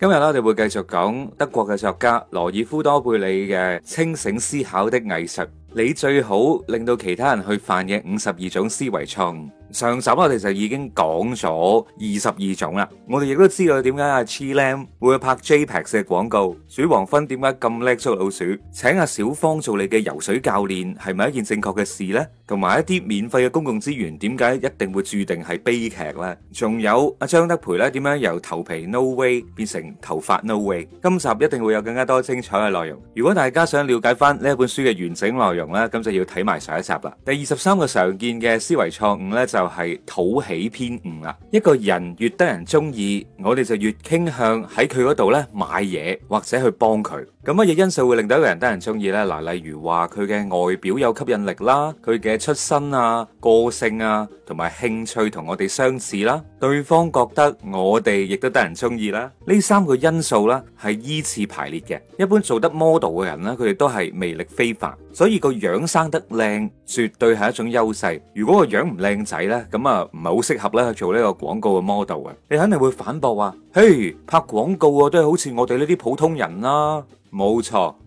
今日呢我哋會繼續講德國嘅作家羅爾夫多貝里嘅清醒思考的藝術，你最好令到其他人去犯嘅五十二種思維錯誤。上集我哋就已經講咗二十二種啦，我哋亦都知道點解阿 Chilam 會拍 JPEX 嘅廣告，至於黃昏點解咁叻捉老鼠，請阿小芳做你嘅游水教練係咪一件正確嘅事呢？同埋一啲免費嘅公共資源點解一定會注定係悲劇呢？仲有阿張德培咧點樣由頭皮 no way 變成頭髮 no way？今集一定會有更加多精彩嘅內容。如果大家想了解翻呢一本書嘅完整內容呢，咁就要睇埋上一集啦。第二十三個常見嘅思維錯誤呢，就～就係討喜偏誤啦！一個人越得人中意，我哋就越傾向喺佢嗰度咧買嘢或者去幫佢。咁乜嘢因素會令到一個人得人中意呢？嗱，例如話佢嘅外表有吸引力啦，佢嘅出身啊、個性啊，同埋興趣同我哋相似啦。對方覺得我哋亦都得人中意啦，呢三個因素呢係依次排列嘅。一般做得 model 嘅人呢，佢哋都係魅力非凡，所以個樣生得靚絕對係一種優勢。如果個樣唔靚仔呢，咁啊唔係好適合呢去做呢個廣告嘅 model 啊！你肯定會反駁話，啊：嘿，拍廣告啊，都係好似我哋呢啲普通人啦、啊。冇錯。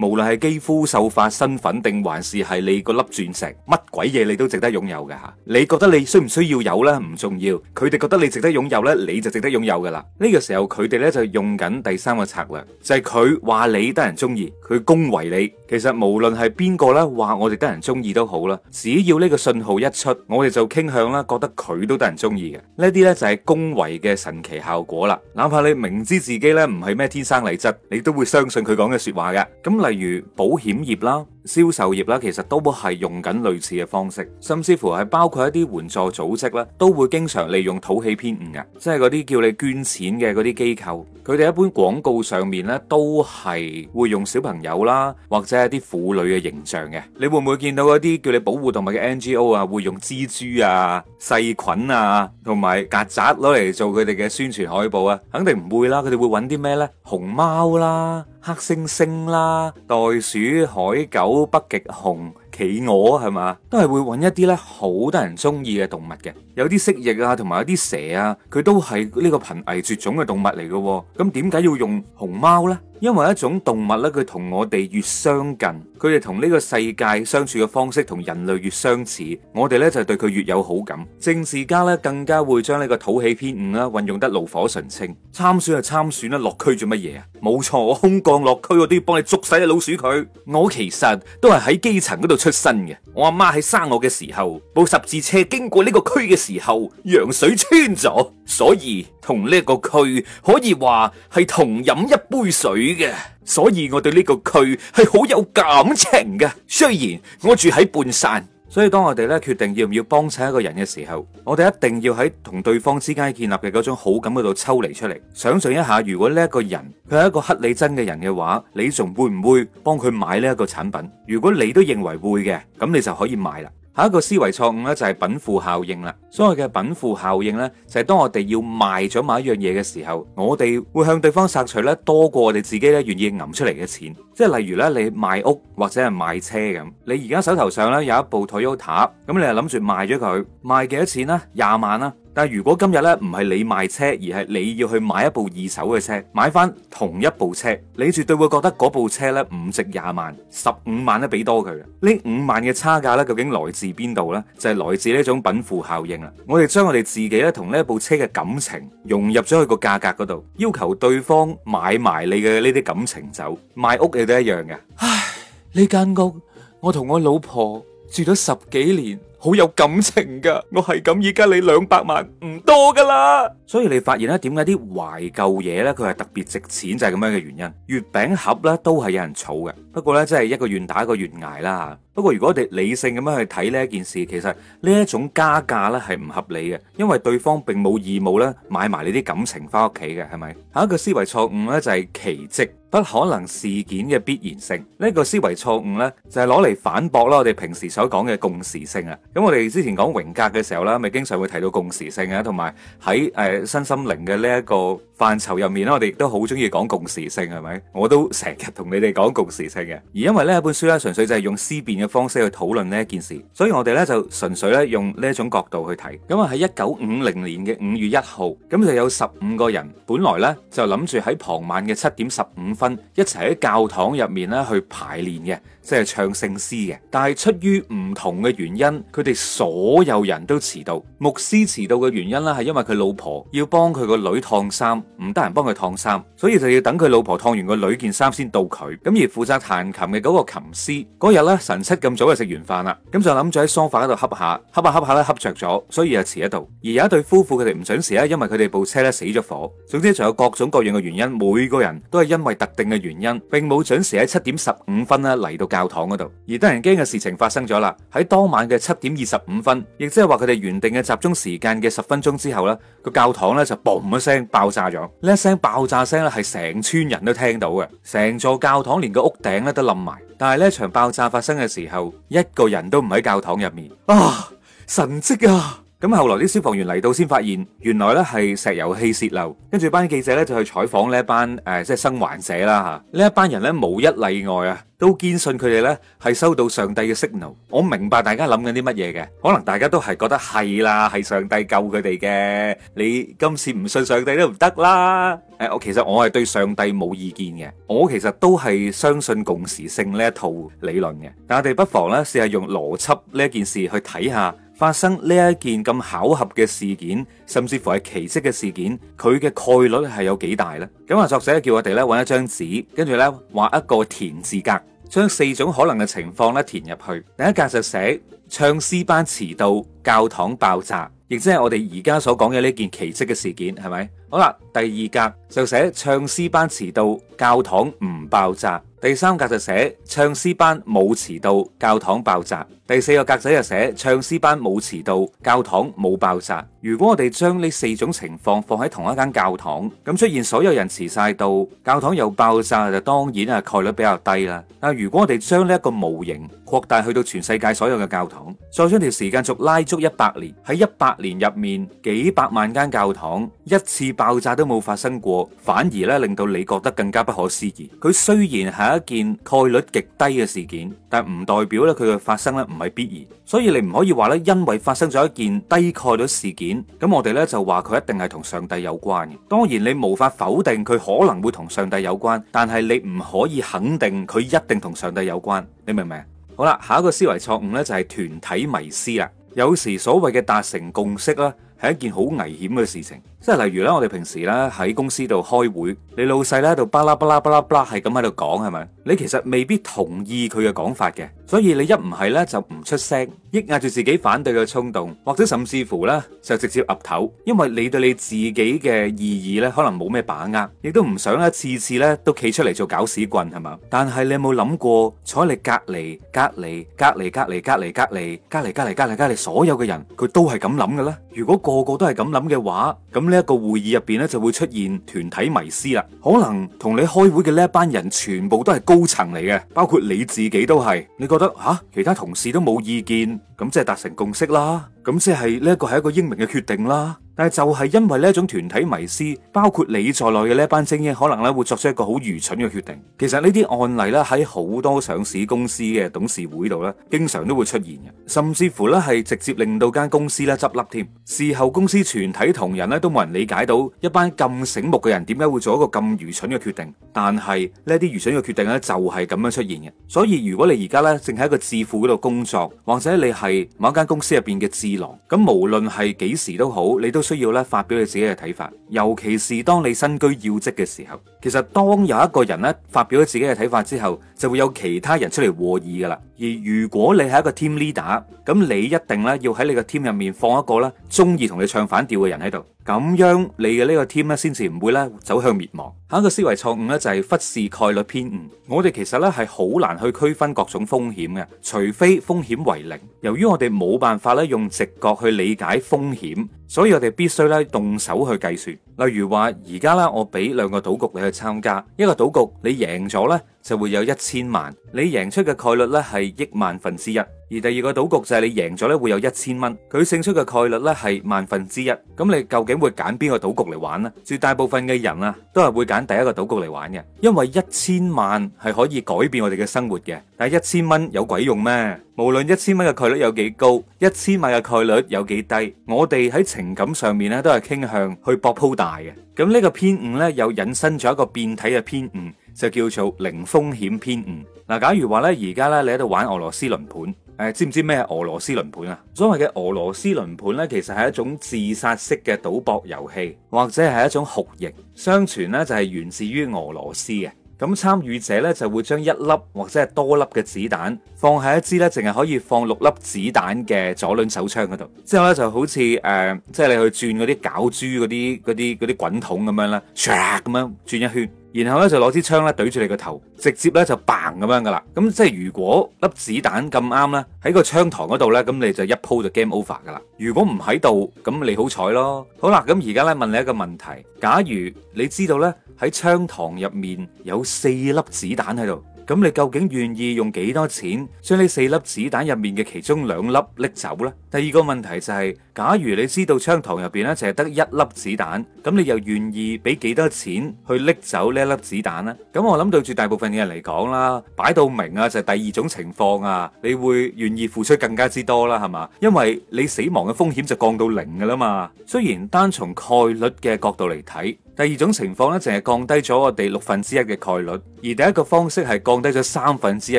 無論係肌膚、秀髮、身份定還是係你嗰粒鑽石，乜鬼嘢你都值得擁有嘅吓。你覺得你需唔需要有呢？唔重要，佢哋覺得你值得擁有呢，你就值得擁有噶啦。呢個時候佢哋呢就用緊第三個策略，就係佢話你得人中意，佢恭維你。其實無論係邊個呢話我哋得人中意都好啦，只要呢個信號一出，我哋就傾向啦，覺得佢都得人中意嘅。呢啲呢就係恭維嘅神奇效果啦。哪怕你明知自己呢唔係咩天生麗質，你都會相信佢講嘅說話嘅。咁嚟。例如保險業啦。銷售業啦，其實都係用緊類似嘅方式，甚至乎係包括一啲援助組織咧，都會經常利用土氣偏誤嘅，即係嗰啲叫你捐錢嘅嗰啲機構，佢哋一般廣告上面咧都係會用小朋友啦，或者一啲婦女嘅形象嘅。你會唔會見到嗰啲叫你保護動物嘅 NGO 啊，會用蜘蛛啊、細菌啊，同埋曱甴攞嚟做佢哋嘅宣傳海報啊？肯定唔會啦，佢哋會揾啲咩呢？熊貓啦、黑猩猩啦、袋鼠、海狗。都北極熊。企鵝係嘛，都係會揾一啲咧好得人中意嘅動物嘅，有啲蜥蜴啊，同埋有啲蛇啊，佢都係呢個瀕危絕種嘅動物嚟嘅，哦。咁點解要用熊貓呢？因為一種動物呢，佢同我哋越相近，佢哋同呢個世界相處嘅方式同人類越相似，我哋呢，就對佢越有好感。政治家呢，更加會將呢個討喜偏誤啦運用得爐火純青。參選就參選啦，落區做乜嘢啊？冇錯，我空降落區，我都要幫你捉死隻、啊、老鼠佢。我其實都係喺基層嗰度出。出身嘅，我阿媽喺生我嘅時候，部十字車經過呢個區嘅時候，羊水穿咗，所以同呢個區可以話係同飲一杯水嘅，所以我對呢個區係好有感情嘅。雖然我住喺半山。所以當我哋咧決定要唔要幫襯一個人嘅時候，我哋一定要喺同對方之間建立嘅嗰種好感嗰度抽離出嚟，想象一下，如果呢一個人佢係一個乞你憎嘅人嘅話，你仲會唔會幫佢買呢一個產品？如果你都認為會嘅，咁你就可以買啦。下一個思維錯誤咧就係稟賦效應啦。所謂嘅稟賦效應咧就係、是、當我哋要賣咗某一樣嘢嘅時候，我哋會向對方索取咧多過我哋自己咧願意揞出嚟嘅錢。即係例如咧，你賣屋或者係賣車咁，你而家手頭上咧有一部 Toyota o 咁你係諗住賣咗佢，賣幾多錢咧？廿萬啦、啊。但如果今日咧唔係你賣車，而係你要去買一部二手嘅車，買翻同一部車，你絕對會覺得部車咧唔值廿萬、十五萬都俾多佢。呢五萬嘅差價咧，究竟來自邊度呢？就係來自呢種稟賦效應啊！我哋將我哋自己咧同呢一部車嘅感情融入咗去個價格嗰度，要求對方買埋你嘅呢啲感情走。賣屋你都一樣嘅。唉，呢間屋我同我老婆住咗十幾年。好有感情噶，我係咁，依家你兩百萬唔多噶啦。所以你發現咧，點解啲懷舊嘢咧佢係特別值錢就係咁樣嘅原因。月餅盒咧都係有人儲嘅，不過咧真係一個願打一個願挨啦。不過如果我哋理性咁樣去睇呢一件事，其實呢一種加價呢係唔合理嘅，因為對方並冇義務咧買埋你啲感情翻屋企嘅，係咪？下一個思維錯誤呢，就係奇迹不可能事件嘅必然性，呢個思維錯誤呢，就係攞嚟反駁啦我哋平時所講嘅共時性啊。咁我哋之前講榮格嘅時候咧，咪經常會提到共時性啊，同埋喺誒身心靈嘅呢一個範疇入面呢，我哋都好中意講共時性，係咪？我都成日同你哋講共時性嘅，而因為呢一本書呢，純粹就係用思辨嘅。方式去討論呢一件事，所以我哋咧就純粹咧用呢一種角度去睇。咁啊喺一九五零年嘅五月一號，咁就有十五個人，本來咧就諗住喺傍晚嘅七點十五分一齊喺教堂入面咧去排練嘅。即係唱聖詩嘅，但係出於唔同嘅原因，佢哋所有人都遲到。牧師遲到嘅原因呢，係因為佢老婆要幫佢個女燙衫，唔得閒幫佢燙衫，所以就要等佢老婆燙完個女件衫先到佢。咁而負責彈琴嘅嗰個琴師，嗰日呢，神七咁早就食完飯啦，咁就諗住喺梳化嗰度瞌下，瞌下瞌下咧瞌着咗，所以就遲一度。而有一對夫婦佢哋唔準時咧，因為佢哋部車咧死咗火。總之仲有各種各樣嘅原因，每個人都係因為特定嘅原因，並冇準時喺七點十五分咧嚟到教堂嗰度，而得人驚嘅事情發生咗啦！喺當晚嘅七點二十五分，亦即係話佢哋原定嘅集中時間嘅十分鐘之後啦，呢個教堂咧就嘣一聲爆炸咗。呢一聲爆炸聲咧係成村人都聽到嘅，成座教堂連個屋頂咧都冧埋。但係呢一場爆炸發生嘅時候，一個人都唔喺教堂入面啊！神跡啊！咁後來啲消防員嚟到，先發現原來咧係石油氣洩漏。跟住班記者咧就去採訪呢一班誒即係生還者啦吓。呢一班人咧冇一例外啊，都堅信佢哋咧係收到上帝嘅 signal。我明白大家諗緊啲乜嘢嘅，可能大家都係覺得係啦，係上帝救佢哋嘅。你今次唔信上帝都唔得啦。誒，我其實我係對上帝冇意見嘅，我其實都係相信共時性呢一套理論嘅。但我哋不妨咧試下用邏輯呢件事去睇下。發生呢一件咁巧合嘅事件，甚至乎係奇蹟嘅事件，佢嘅概率係有幾大呢？咁啊，作者叫我哋揾一張紙，跟住呢，畫一個填字格，將四種可能嘅情況咧填入去。第一格就寫唱詩班遲到，教堂爆炸，亦即係我哋而家所講嘅呢件奇蹟嘅事件，係咪？好啦，第二格就寫唱詩班遲到，教堂唔爆炸。第三格就寫唱詩班冇遲，遲到，教堂爆炸。第四個格仔就寫唱詩班冇遲到，教堂冇爆炸。如果我哋將呢四種情況放喺同一間教堂，咁出現所有人遲晒到，教堂又爆炸，就當然係概率比較低啦。但如果我哋將呢一個模型擴大去到全世界所有嘅教堂，再將條時間軸拉足一百年，喺一百年入面幾百萬間教堂一次爆炸都冇發生過，反而咧令到你覺得更加不可思議。佢雖然係一件概率極低嘅事件，但唔代表咧佢嘅發生咧唔。唔係必然，所以你唔可以話咧，因為發生咗一件低概率事件，咁我哋咧就話佢一定係同上帝有關嘅。當然你無法否定佢可能會同上帝有關，但係你唔可以肯定佢一定同上帝有關。你明唔明？好啦，下一個思維錯誤咧就係團體迷思啦。有時所謂嘅達成共識啦，係一件好危險嘅事情。即係例如咧，我哋平時咧喺公司度開會，你老細咧喺度巴拉巴拉巴拉巴拉係咁喺度講係咪？你其實未必同意佢嘅講法嘅，所以你一唔係咧就唔出聲，抑壓住自己反對嘅衝動，或者甚至乎咧就直接岌頭，因為你對你自己嘅意義咧可能冇咩把握，亦都唔想一次次咧都企出嚟做攪屎棍係嘛？但係你有冇諗過坐喺你隔籬、隔籬、隔籬、隔籬、隔籬、隔籬、隔籬、隔籬、隔籬、隔籬所有嘅人，佢都係咁諗嘅咧？如果個個都係咁諗嘅話，咁。呢一個會議入邊咧就會出現團體迷思啦，可能同你開會嘅呢一班人全部都係高層嚟嘅，包括你自己都係。你覺得吓、啊、其他同事都冇意見，咁即係達成共識啦，咁即係呢一個係一個英明嘅決定啦。但係就係因為呢一種團體迷思，包括你在內嘅呢一班精英，可能咧會作出一個好愚蠢嘅決定。其實呢啲案例咧喺好多上市公司嘅董事會度咧，經常都會出現嘅，甚至乎咧係直接令到間公司咧執笠添。事後公司全體同仁咧都冇人理解到一班咁醒目嘅人點解會做一個咁愚蠢嘅決定。但係呢一啲愚蠢嘅決定咧就係咁樣出現嘅。所以如果你而家咧正喺一個智庫嗰度工作，或者你係某一間公司入邊嘅智囊，咁無論係幾時都好，你都。需要咧發表你自己嘅睇法，尤其是當你身居要職嘅時候，其實當有一個人咧發表咗自己嘅睇法之後。就會有其他人出嚟和議噶啦，而如果你係一個 team leader，咁你一定咧要喺你個 team 入面放一個咧中意同你唱反調嘅人喺度，咁樣你嘅呢個 team 咧先至唔會咧走向滅亡。下一個思維錯誤咧就係忽視概率偏誤，我哋其實咧係好難去區分各種風險嘅，除非風險為零。由於我哋冇辦法咧用直覺去理解風險，所以我哋必須咧動手去計算。例如話，而家啦，我俾兩個賭局你去參加，一個賭局你贏咗咧，就會有一千萬，你贏出嘅概率咧係億萬分之一。而第二個賭局就係你贏咗咧，會有一千蚊，佢勝出嘅概率咧係萬分之一。咁你究竟會揀邊個賭局嚟玩呢？絕大部分嘅人啊，都係會揀第一個賭局嚟玩嘅，因為一千萬係可以改變我哋嘅生活嘅。但係一千蚊有鬼用咩？無論一千蚊嘅概率有幾高，一千萬嘅概率有幾低，我哋喺情感上面咧都係傾向去搏鋪大嘅。咁呢個偏誤咧又引申咗一個變體嘅偏誤，就叫做零風險偏誤。嗱，假如話咧，而家咧，你喺度玩俄羅斯輪盤。誒、哎、知唔知咩俄羅斯輪盤啊？所謂嘅俄羅斯輪盤呢，其實係一種自殺式嘅賭博遊戲，或者係一種酷刑。相傳呢，就係源自於俄羅斯嘅。咁參與者呢，就會將一粒或者係多粒嘅子彈放喺一支呢淨係可以放六粒子彈嘅左輪手槍嗰度，之後呢，就好似誒、呃，即係你去轉嗰啲攪珠嗰啲啲啲滾筒咁樣啦，唰咁樣轉一圈。然後咧就攞支槍咧懟住你個頭，直接咧就 bang 咁樣噶啦。咁即係如果粒子彈咁啱咧喺個槍膛嗰度咧，咁你就一鋪就 game over 噶啦。如果唔喺度，咁你好彩咯。好啦，咁而家咧問你一個問題：假如你知道咧喺槍膛入面有四粒子彈喺度。咁你究竟願意用幾多錢將呢四粒子彈入面嘅其中兩粒拎走呢？第二個問題就係，假如你知道槍膛入邊咧淨係得一粒子彈，咁你又願意俾幾多錢去拎走呢一粒子彈呢？咁我諗對住大部分嘅人嚟講啦，擺到明啊，就係第二種情況啊，你會願意付出更加之多啦，係嘛？因為你死亡嘅風險就降到零噶啦嘛。雖然單從概率嘅角度嚟睇。第二種情況咧，淨係降低咗我哋六分之一嘅概率；而第一個方式係降低咗三分之一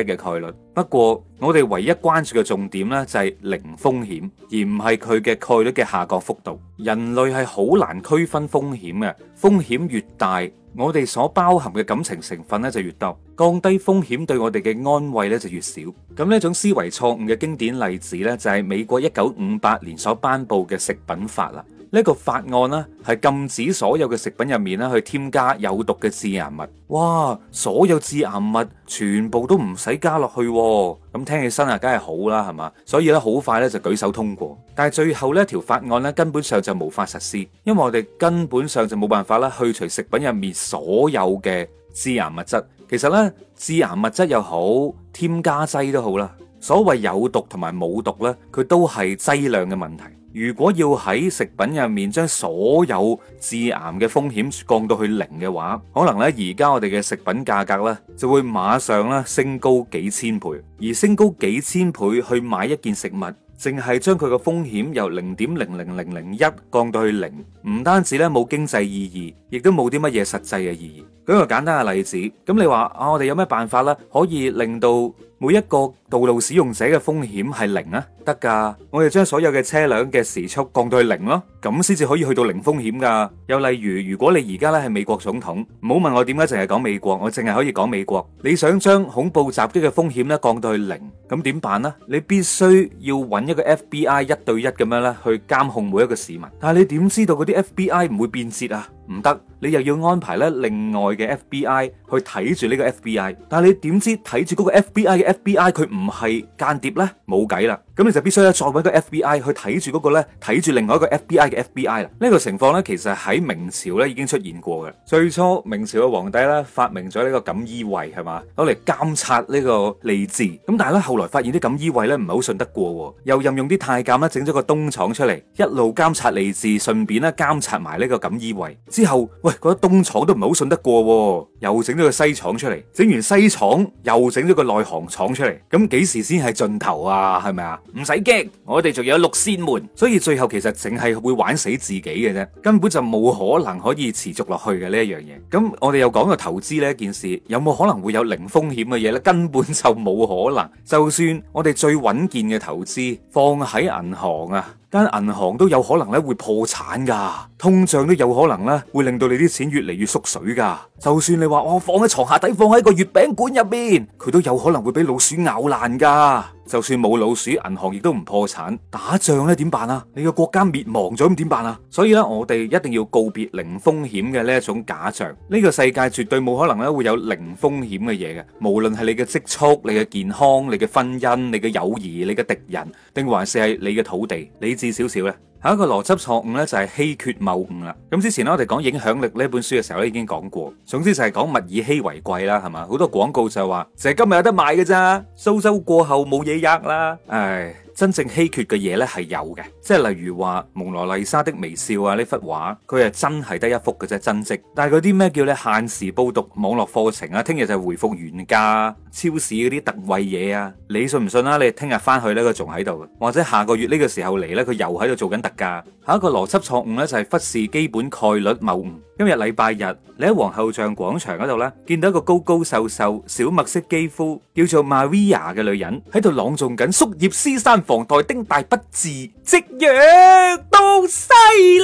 嘅概率。不過我哋唯一關注嘅重點咧，就係零風險，而唔係佢嘅概率嘅下降幅度。人類係好難區分風險嘅，風險越大，我哋所包含嘅感情成分咧就越多，降低風險對我哋嘅安慰咧就越少。咁呢一種思維錯誤嘅經典例子咧，就係美國一九五八年所頒布嘅食品法啦。呢個法案呢，係禁止所有嘅食品入面咧去添加有毒嘅致癌物。哇！所有致癌物全部都唔使加落去哦，咁，嗯，聽起身啊，梗係好啦，係嘛？所以咧，好快咧就舉手通過。但係最後呢一條法案呢，根本上就無法實施，因為我哋根本上就冇辦法啦去除食品入面所有嘅致癌物質。其實呢，致癌物質又好，添加劑都好啦，所謂有毒同埋冇毒呢，佢都係劑量嘅問題。如果要喺食品入面將所有致癌嘅風險降到去零嘅話，可能咧而家我哋嘅食品價格咧就會馬上咧升高幾千倍，而升高幾千倍去買一件食物，淨係將佢嘅風險由零點零零零零一降到去零，唔單止咧冇經濟意義。亦都冇啲乜嘢實際嘅意義。舉個簡單嘅例子，咁你話啊，我哋有咩辦法咧，可以令到每一個道路使用者嘅風險係零啊？得㗎，我哋將所有嘅車輛嘅時速降到去零咯，咁先至可以去到零風險㗎。又例如，如果你而家咧係美國總統，唔好問我點解淨係講美國，我淨係可以講美國。你想將恐怖襲擊嘅風險咧降到去零，咁點辦咧？你必須要揾一個 F B I 一對一咁樣咧去監控每一個市民。但係你點知道嗰啲 F B I 唔會變節啊？唔得，你又要安排咧另外嘅 FBI 去睇住呢個 FBI，但係你點知睇住嗰個 FBI 嘅 FBI 佢唔係間諜咧？冇計啦！咁你就必須咧，作為一個 FBI 去睇住嗰個咧，睇住另外一個 FBI 嘅 FBI 啦。呢個情況咧，其實喺明朝咧已經出現過嘅。最初明朝嘅皇帝咧發明咗呢個錦衣衛係嘛，攞嚟監察呢個吏治。咁但係咧後來發現啲錦衣衛咧唔係好信得過，又任用啲太監咧整咗個東廠出嚟，一路監察吏治，順便咧監察埋呢個錦衣衛。之後喂，覺得東廠都唔係好信得過，又整咗個西廠出嚟，整完西廠又整咗個內行廠出嚟。咁幾時先係盡頭啊？係咪啊？唔使激，我哋仲有六扇門，所以最後其實淨係會玩死自己嘅啫，根本就冇可能可以持續落去嘅呢一樣嘢。咁我哋又講到投資呢一件事，有冇可能會有零風險嘅嘢呢？根本就冇可能。就算我哋最穩健嘅投資放喺銀行啊。間銀行都有可能咧會破產噶，通脹都有可能咧會令到你啲錢越嚟越縮水噶。就算你話我放喺床下底，放喺個月餅館入邊，佢都有可能會俾老鼠咬爛噶。就算冇老鼠，銀行亦都唔破產。打仗咧點辦啊？你個國家滅亡咗咁點辦啊？所以咧，我哋一定要告別零風險嘅呢一種假象。呢個世界絕對冇可能咧會有零風險嘅嘢嘅。無論係你嘅積蓄、你嘅健康、你嘅婚姻、你嘅友誼、你嘅敵人，定還是係你嘅土地，你。少少咧，下一個邏輯錯誤咧就係稀缺謬誤啦。咁之前咧我哋講影響力呢本書嘅時候咧已經講過，總之就係講物以稀為貴啦，係嘛？好多廣告就係話，就係、是、今日有得賣嘅咋，蘇州過後冇嘢壓啦，唉。真正稀缺嘅嘢呢係有嘅，即係例如話蒙娜麗莎的微笑啊，呢幅畫，佢係真係得一幅嘅啫真跡。但係嗰啲咩叫你限時報讀網絡課程啊，聽日就回復原價，超市嗰啲特惠嘢啊，你信唔信啊？你聽日翻去呢，佢仲喺度，或者下個月呢個時候嚟呢，佢又喺度做緊特價。下一個邏輯錯誤呢，就係忽視基本概率謬誤。今日禮拜日，你喺皇后像廣場嗰度咧，見到一個高高瘦瘦、小麥色肌膚，叫做 Maria 嘅女人喺度朗誦緊《宿業師山房待丁大不至》，夕陽度西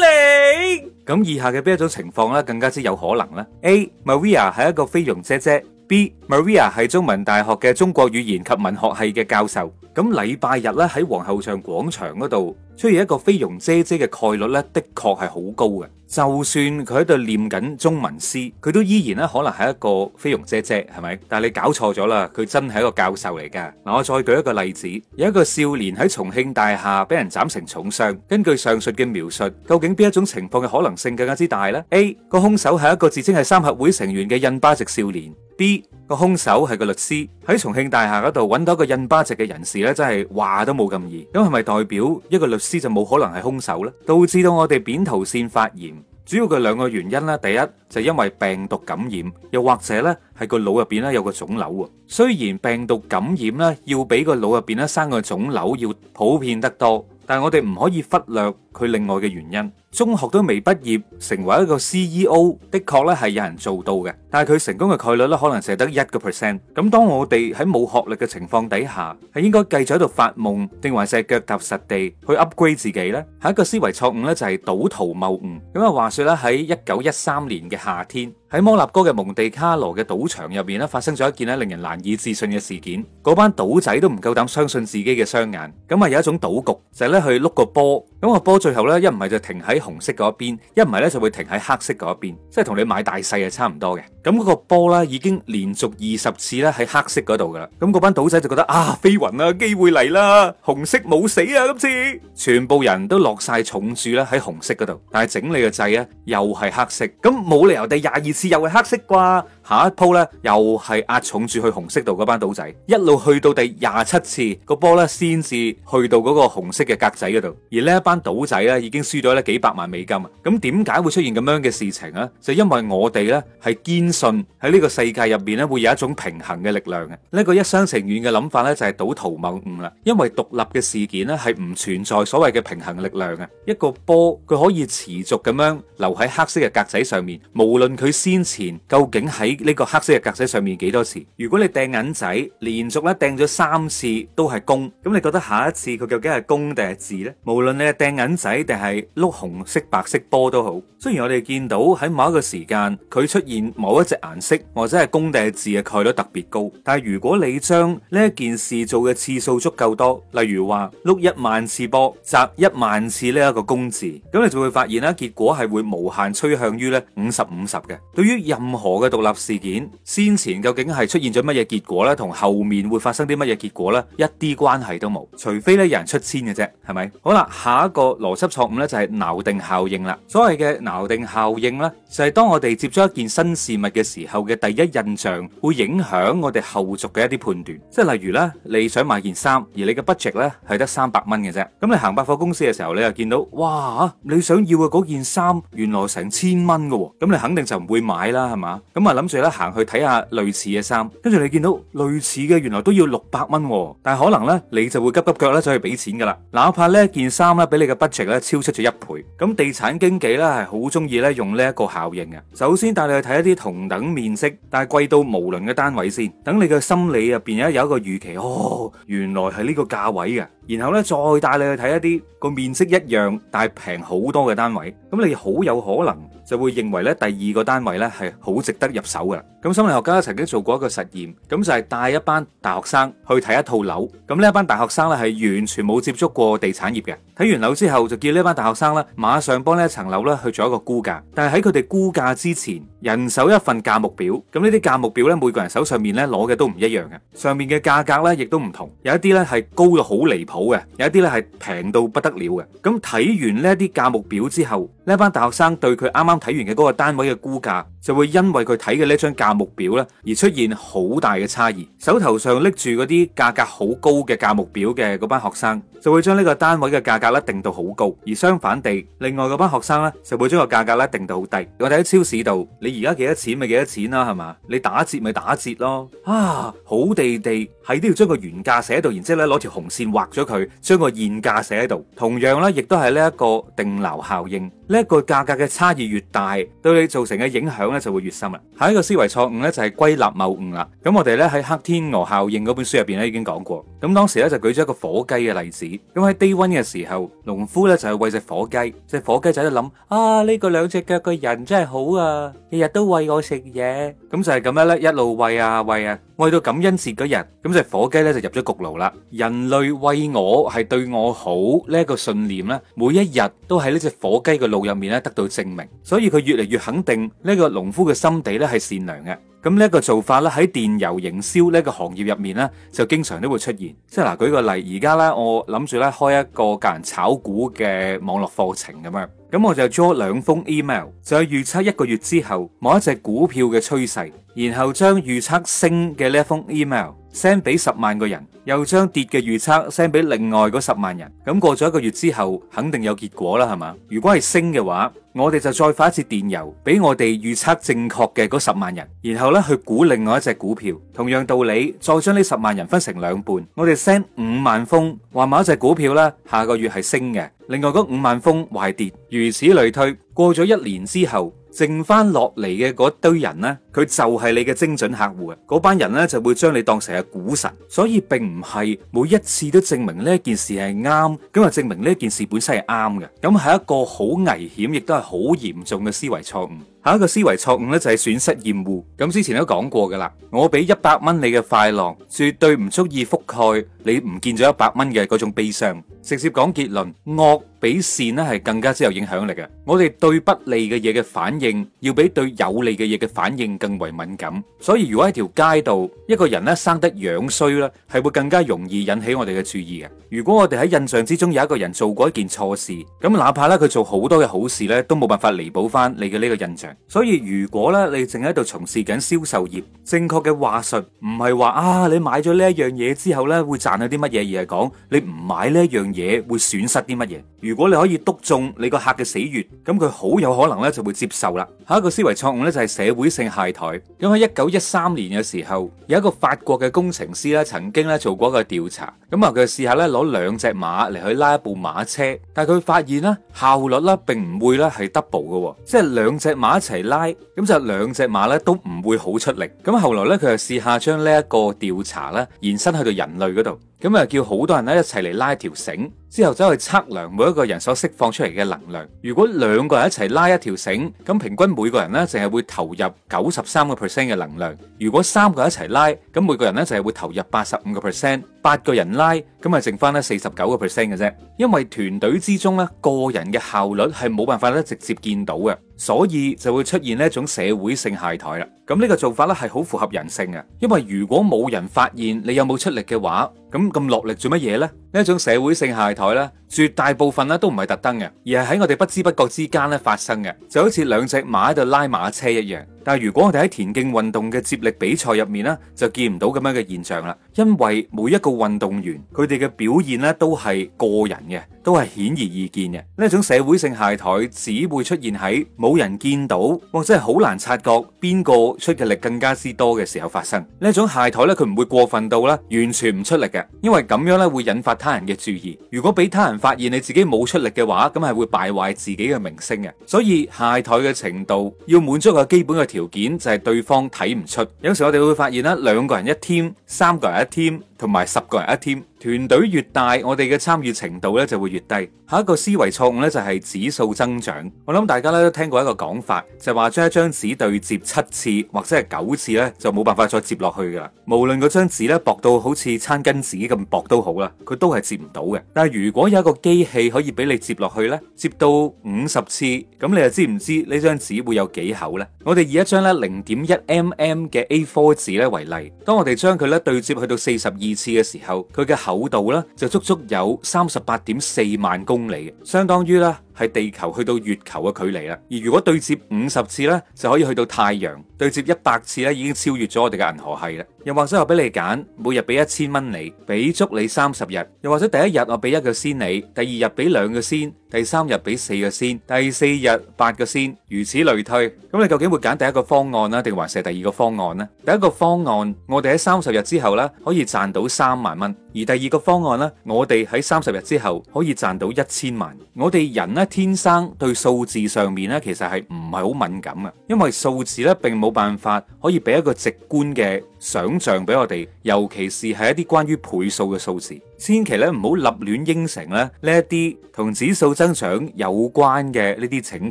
嶺。咁以下嘅邊一種情況咧，更加之有可能咧？A. Maria 係一個菲傭姐姐；B. Maria 係中文大學嘅中國語言及文學系嘅教授。咁禮拜日咧，喺皇后像廣場嗰度出現一個菲傭姐姐嘅概率咧，的確係好高嘅。就算佢喺度念緊中文詩，佢都依然咧可能係一個菲傭姐姐，係咪？但係你搞錯咗啦，佢真係一個教授嚟噶。嗱，我再舉一個例子，有一個少年喺重慶大廈俾人斬成重傷。根據上述嘅描述，究竟邊一種情況嘅可能性更加之大呢？A 個兇手係一個自稱係三合會成員嘅印巴籍少年；B 個兇手係個律師。喺重慶大廈嗰度搵到一個印巴籍嘅人士咧，真係話都冇咁易。咁係咪代表一個律師就冇可能係兇手呢？導致到我哋扁桃腺發炎。主要嘅兩個原因咧，第一就係因為病毒感染，又或者咧係個腦入邊咧有個腫瘤喎。雖然病毒感染咧要比個腦入邊咧生個腫瘤要普遍得多。但係我哋唔可以忽略佢另外嘅原因，中學都未畢業成為一個 CEO，的確咧係有人做到嘅。但係佢成功嘅概率咧，可能只得一個 percent。咁當我哋喺冇學歷嘅情況底下，係應該繼續喺度發夢，定還是腳踏實地去 upgrade 自己呢？下一個思維錯誤咧，就係賭徒謬誤。咁啊，話說咧喺一九一三年嘅夏天。喺摩納哥嘅蒙地卡羅嘅賭場入面咧，發生咗一件咧令人難以置信嘅事件。嗰班賭仔都唔夠膽相信自己嘅雙眼。咁啊，有一種賭局就係、是、咧去碌個波，咁、那個波最後咧一唔係就停喺紅色嗰一邊，一唔係咧就會停喺黑色嗰一邊，即係同你買大細係差唔多嘅。咁嗰個波咧已經連續二十次咧喺黑色嗰度噶啦，咁嗰班賭仔就覺得啊，飛雲啊，機會嚟啦，紅色冇死啊，今次全部人都落晒重注咧喺紅色嗰度，但係整理個掣啊，又係黑色，咁冇理由第廿二次又係黑色啩？下一鋪咧，又係壓重住去紅色度嗰班賭仔，一路去到第廿七次個波咧，先至去到嗰個紅色嘅格仔嗰度。而呢一班賭仔咧，已經輸咗呢幾百萬美金啊！咁點解會出現咁樣嘅事情啊？就因為我哋咧係堅信喺呢個世界入面咧，會有一種平衡嘅力量嘅。呢個一廂情願嘅諗法咧，就係賭徒謬誤啦。因為獨立嘅事件咧，係唔存在所謂嘅平衡力量嘅。一個波佢可以持續咁樣留喺黑色嘅格仔上面，無論佢先前究竟喺呢個黑色嘅格仔上面幾多次？如果你掟銀仔連續咧掟咗三次都係公，咁你覺得下一次佢究竟係公定係字呢？無論你係掟銀仔定係碌紅色白色波都好，雖然我哋見到喺某一個時間佢出現某一隻顏色或者係公定係字嘅概率特別高，但係如果你將呢一件事做嘅次數足夠多，例如話碌一萬次波，擲一萬次呢一個公字，咁你就會發現啦，結果係會無限趨向於呢五十五十嘅。對於任何嘅獨立事件先前究竟係出現咗乜嘢結果咧，同後面會發生啲乜嘢結果咧，一啲關係都冇，除非咧有人出千嘅啫，係咪？好啦，下一個邏輯錯誤咧就係錨定效應啦。所謂嘅錨定效應咧，就係當我哋接觸一件新事物嘅時候嘅第一印象會影響我哋後續嘅一啲判斷。即係例如咧，你想買件衫，而你嘅 budget 咧係得三百蚊嘅啫。咁你行百貨公司嘅時候，你又見到哇吓，你想要嘅嗰件衫原來成千蚊嘅，咁你肯定就唔會買啦，係嘛？咁啊諗住。得行去睇下類似嘅衫，跟住你見到類似嘅，原來都要六百蚊，但係可能呢，你就會急急腳咧就去俾錢噶啦，哪怕呢件衫咧俾你嘅 budget 咧超出咗一倍。咁地產經紀咧係好中意咧用呢一個效應嘅。首先帶你去睇一啲同等面積但係貴到無倫嘅單位先，等你嘅心理入邊咧有一個預期，哦，原來係呢個價位嘅。然後咧，再帶你去睇一啲個面積一樣，但係平好多嘅單位。咁你好有可能就會認為咧，第二個單位咧係好值得入手嘅啦。咁心理學家曾經做過一個實驗，咁就係帶一班大學生去睇一套樓。咁呢一班大學生咧係完全冇接觸過地產業嘅。睇完樓之後，就叫呢班大學生咧，馬上幫呢一層樓咧去做一個估價。但係喺佢哋估價之前，人手一份價目表。咁呢啲價目表咧，每個人手上面咧攞嘅都唔一樣嘅，上面嘅價格咧亦都唔同，有一啲咧係高到好離譜。好嘅，有一啲咧係平到不得了嘅。咁、嗯、睇完呢一啲價目表之後，呢一班大學生對佢啱啱睇完嘅嗰個單位嘅估價，就會因為佢睇嘅呢一張價目表咧而出現好大嘅差異。手頭上拎住嗰啲價格好高嘅價目表嘅嗰班學生，就會將呢個單位嘅價格咧定到好高；而相反地，另外嗰班學生咧就會將個價格咧定到好低。我哋喺超市度，你而家幾多錢咪幾多錢啦，啊，係嘛？你打折咪打折咯，啊，好地地係都要將個原價寫喺度，然之後咧攞條紅線畫咗。佢將個現價寫喺度，同樣咧，亦都係呢一個定流效應。呢一個價格嘅差異越大，對你造成嘅影響咧就會越深啦。下一個思維錯誤咧就係歸納謬誤啦。咁我哋咧喺黑天鵝效應嗰本書入邊咧已經講過，咁當時咧就舉咗一個火雞嘅例子。咁喺低溫嘅時候，農夫咧就係餵隻火雞，隻火雞仔，就諗，啊，呢個兩隻腳嘅人真係好啊，日日都餵我食嘢，咁就係咁樣咧一路餵啊餵啊。去到感恩節嗰日，咁隻火雞咧就入咗焗爐啦。人類為我係對我好呢一個信念咧，每一日都喺呢隻火雞嘅路入面咧得到證明，所以佢越嚟越肯定呢個農夫嘅心地咧係善良嘅。咁呢一個做法咧，喺電郵營銷呢一個行業入面咧，就經常都會出現。即係嗱，舉個例，而家咧，我諗住咧開一個教人炒股嘅網絡課程咁樣，咁我就做兩封 email，就係預測一個月之後某一隻股票嘅趨勢，然後將預測升嘅呢一封 email，send 俾十萬個人，又將跌嘅預測 send 俾另外嗰十萬人，咁過咗一個月之後，肯定有結果啦，係嘛？如果係升嘅話，我哋就再發一次電郵俾我哋預測正確嘅嗰十萬人，然後咧去估另外一隻股票，同樣道理，再將呢十萬人分成兩半，我哋 send 五萬封話某一隻股票咧下個月係升嘅，另外嗰五萬封話跌，如此類推，過咗一年之後，剩翻落嚟嘅嗰堆人呢？佢就係你嘅精準客戶嘅，嗰班人咧就會將你當成係股神，所以並唔係每一次都證明呢一件事係啱，咁啊證明呢一件事本身係啱嘅，咁係一個好危險，亦都係好嚴重嘅思維錯誤。下一個思維錯誤咧就係損失厭惡，咁之前都講過噶啦，我俾一百蚊你嘅快樂，絕對唔足以覆蓋你唔見咗一百蚊嘅嗰種悲傷。直接講結論，惡比善咧係更加之有影響力嘅。我哋對不利嘅嘢嘅反應，要比對有利嘅嘢嘅反應更。更為敏感，所以如果喺條街度，一個人咧生得樣衰啦，係會更加容易引起我哋嘅注意嘅。如果我哋喺印象之中有一個人做過一件錯事，咁哪怕咧佢做好多嘅好事咧，都冇辦法彌補翻你嘅呢個印象。所以如果咧你淨喺度從事緊銷售業，正確嘅話術唔係話啊你買咗呢一樣嘢之後咧會賺到啲乜嘢，而係講你唔買呢一樣嘢會損失啲乜嘢。如果你可以督中你個客嘅死穴，咁佢好有可能咧就會接受啦。下一個思維錯誤咧就係社會性懈。咁喺一九一三年嘅時候，有一個法國嘅工程師咧，曾經咧做過一個調查，咁啊佢試下咧攞兩隻馬嚟，去拉一部馬車，但係佢發現咧效率咧並唔會咧係 double 嘅，即係兩隻馬一齊拉，咁就兩隻馬咧都唔會好出力。咁後來咧佢就試下將呢一個調查咧延伸去到人類嗰度。咁啊，叫好多人咧一齊嚟拉條繩，之後走去測量每一個人所釋放出嚟嘅能量。如果兩個人一齊拉一條繩，咁平均每個人咧淨係會投入九十三個 percent 嘅能量。如果三個一齊拉，咁每個人咧淨係會投入八十五個 percent。八個人拉，咁啊剩翻咧四十九個 percent 嘅啫。因為團隊之中咧個人嘅效率係冇辦法咧直接見到嘅。所以就會出現呢一種社會性懈怠啦。咁呢個做法呢，係好符合人性嘅，因為如果冇人發現你有冇出力嘅話，咁咁落力做乜嘢呢？呢一種社會性懈怠呢，絕大部分咧都唔係特登嘅，而係喺我哋不知不覺之間咧發生嘅，就好似兩隻馬喺度拉馬車一樣。但係如果我哋喺田徑運動嘅接力比賽入面咧，就見唔到咁樣嘅現象啦。因為每一個運動員佢哋嘅表現咧都係個人嘅，都係顯而易見嘅。呢一種社會性懈怠只會出現喺冇人見到或者係好難察覺邊個出嘅力更加之多嘅時候發生。呢一種懈怠咧，佢唔會過分到啦，完全唔出力嘅。因為咁樣咧會引發他人嘅注意。如果俾他人發現你自己冇出力嘅話，咁係會敗壞自己嘅名聲嘅。所以懈怠嘅程度要滿足個基本嘅條。條件就係對方睇唔出。有時我哋會發現啦，兩個人一 team，三個人一 team，同埋十個人一 team。團隊越大，我哋嘅參與程度咧就會越低。下一個思維錯誤咧就係指數增長。我諗大家咧都聽過一個講法，就係話將一張紙對摺七次或者係九次咧，就冇辦法再摺落去㗎喇。無論嗰張紙咧薄到好似餐巾紙咁薄都好啦，佢都係摺唔到嘅。但係如果有一個機器可以俾你摺落去咧，摺到五十次，咁你又知唔知呢張紙會有幾厚呢？我哋以一張咧零點一 mm 嘅 A4 紙咧為例，當我哋將佢咧對摺去到四十二次嘅時候，佢嘅厚度啦，就足足有三十八點四萬公里，相當於啦。係地球去到月球嘅距離啦，而如果對接五十次呢，就可以去到太陽；對接一百次呢，已經超越咗我哋嘅銀河系啦。又或者我俾你揀，每日俾一千蚊你，俾足你三十日。又或者第一日我俾一個先你，第二日俾兩個先，第三日俾四個先，第四日八個先，如此類推。咁你究竟會揀第一個方案呢，定還，還是第二個方案呢？第一個方案，我哋喺三十日之後呢，可以賺到三萬蚊；而第二個方案呢，我哋喺三十日之後可以賺到一千萬。我哋人呢。天生對數字上面咧，其實係唔係好敏感嘅，因為數字咧並冇辦法可以俾一個直觀嘅想象俾我哋，尤其是係一啲關於倍數嘅數字。千祈咧，唔好立亂應承咧呢一啲同指數增長有關嘅呢啲請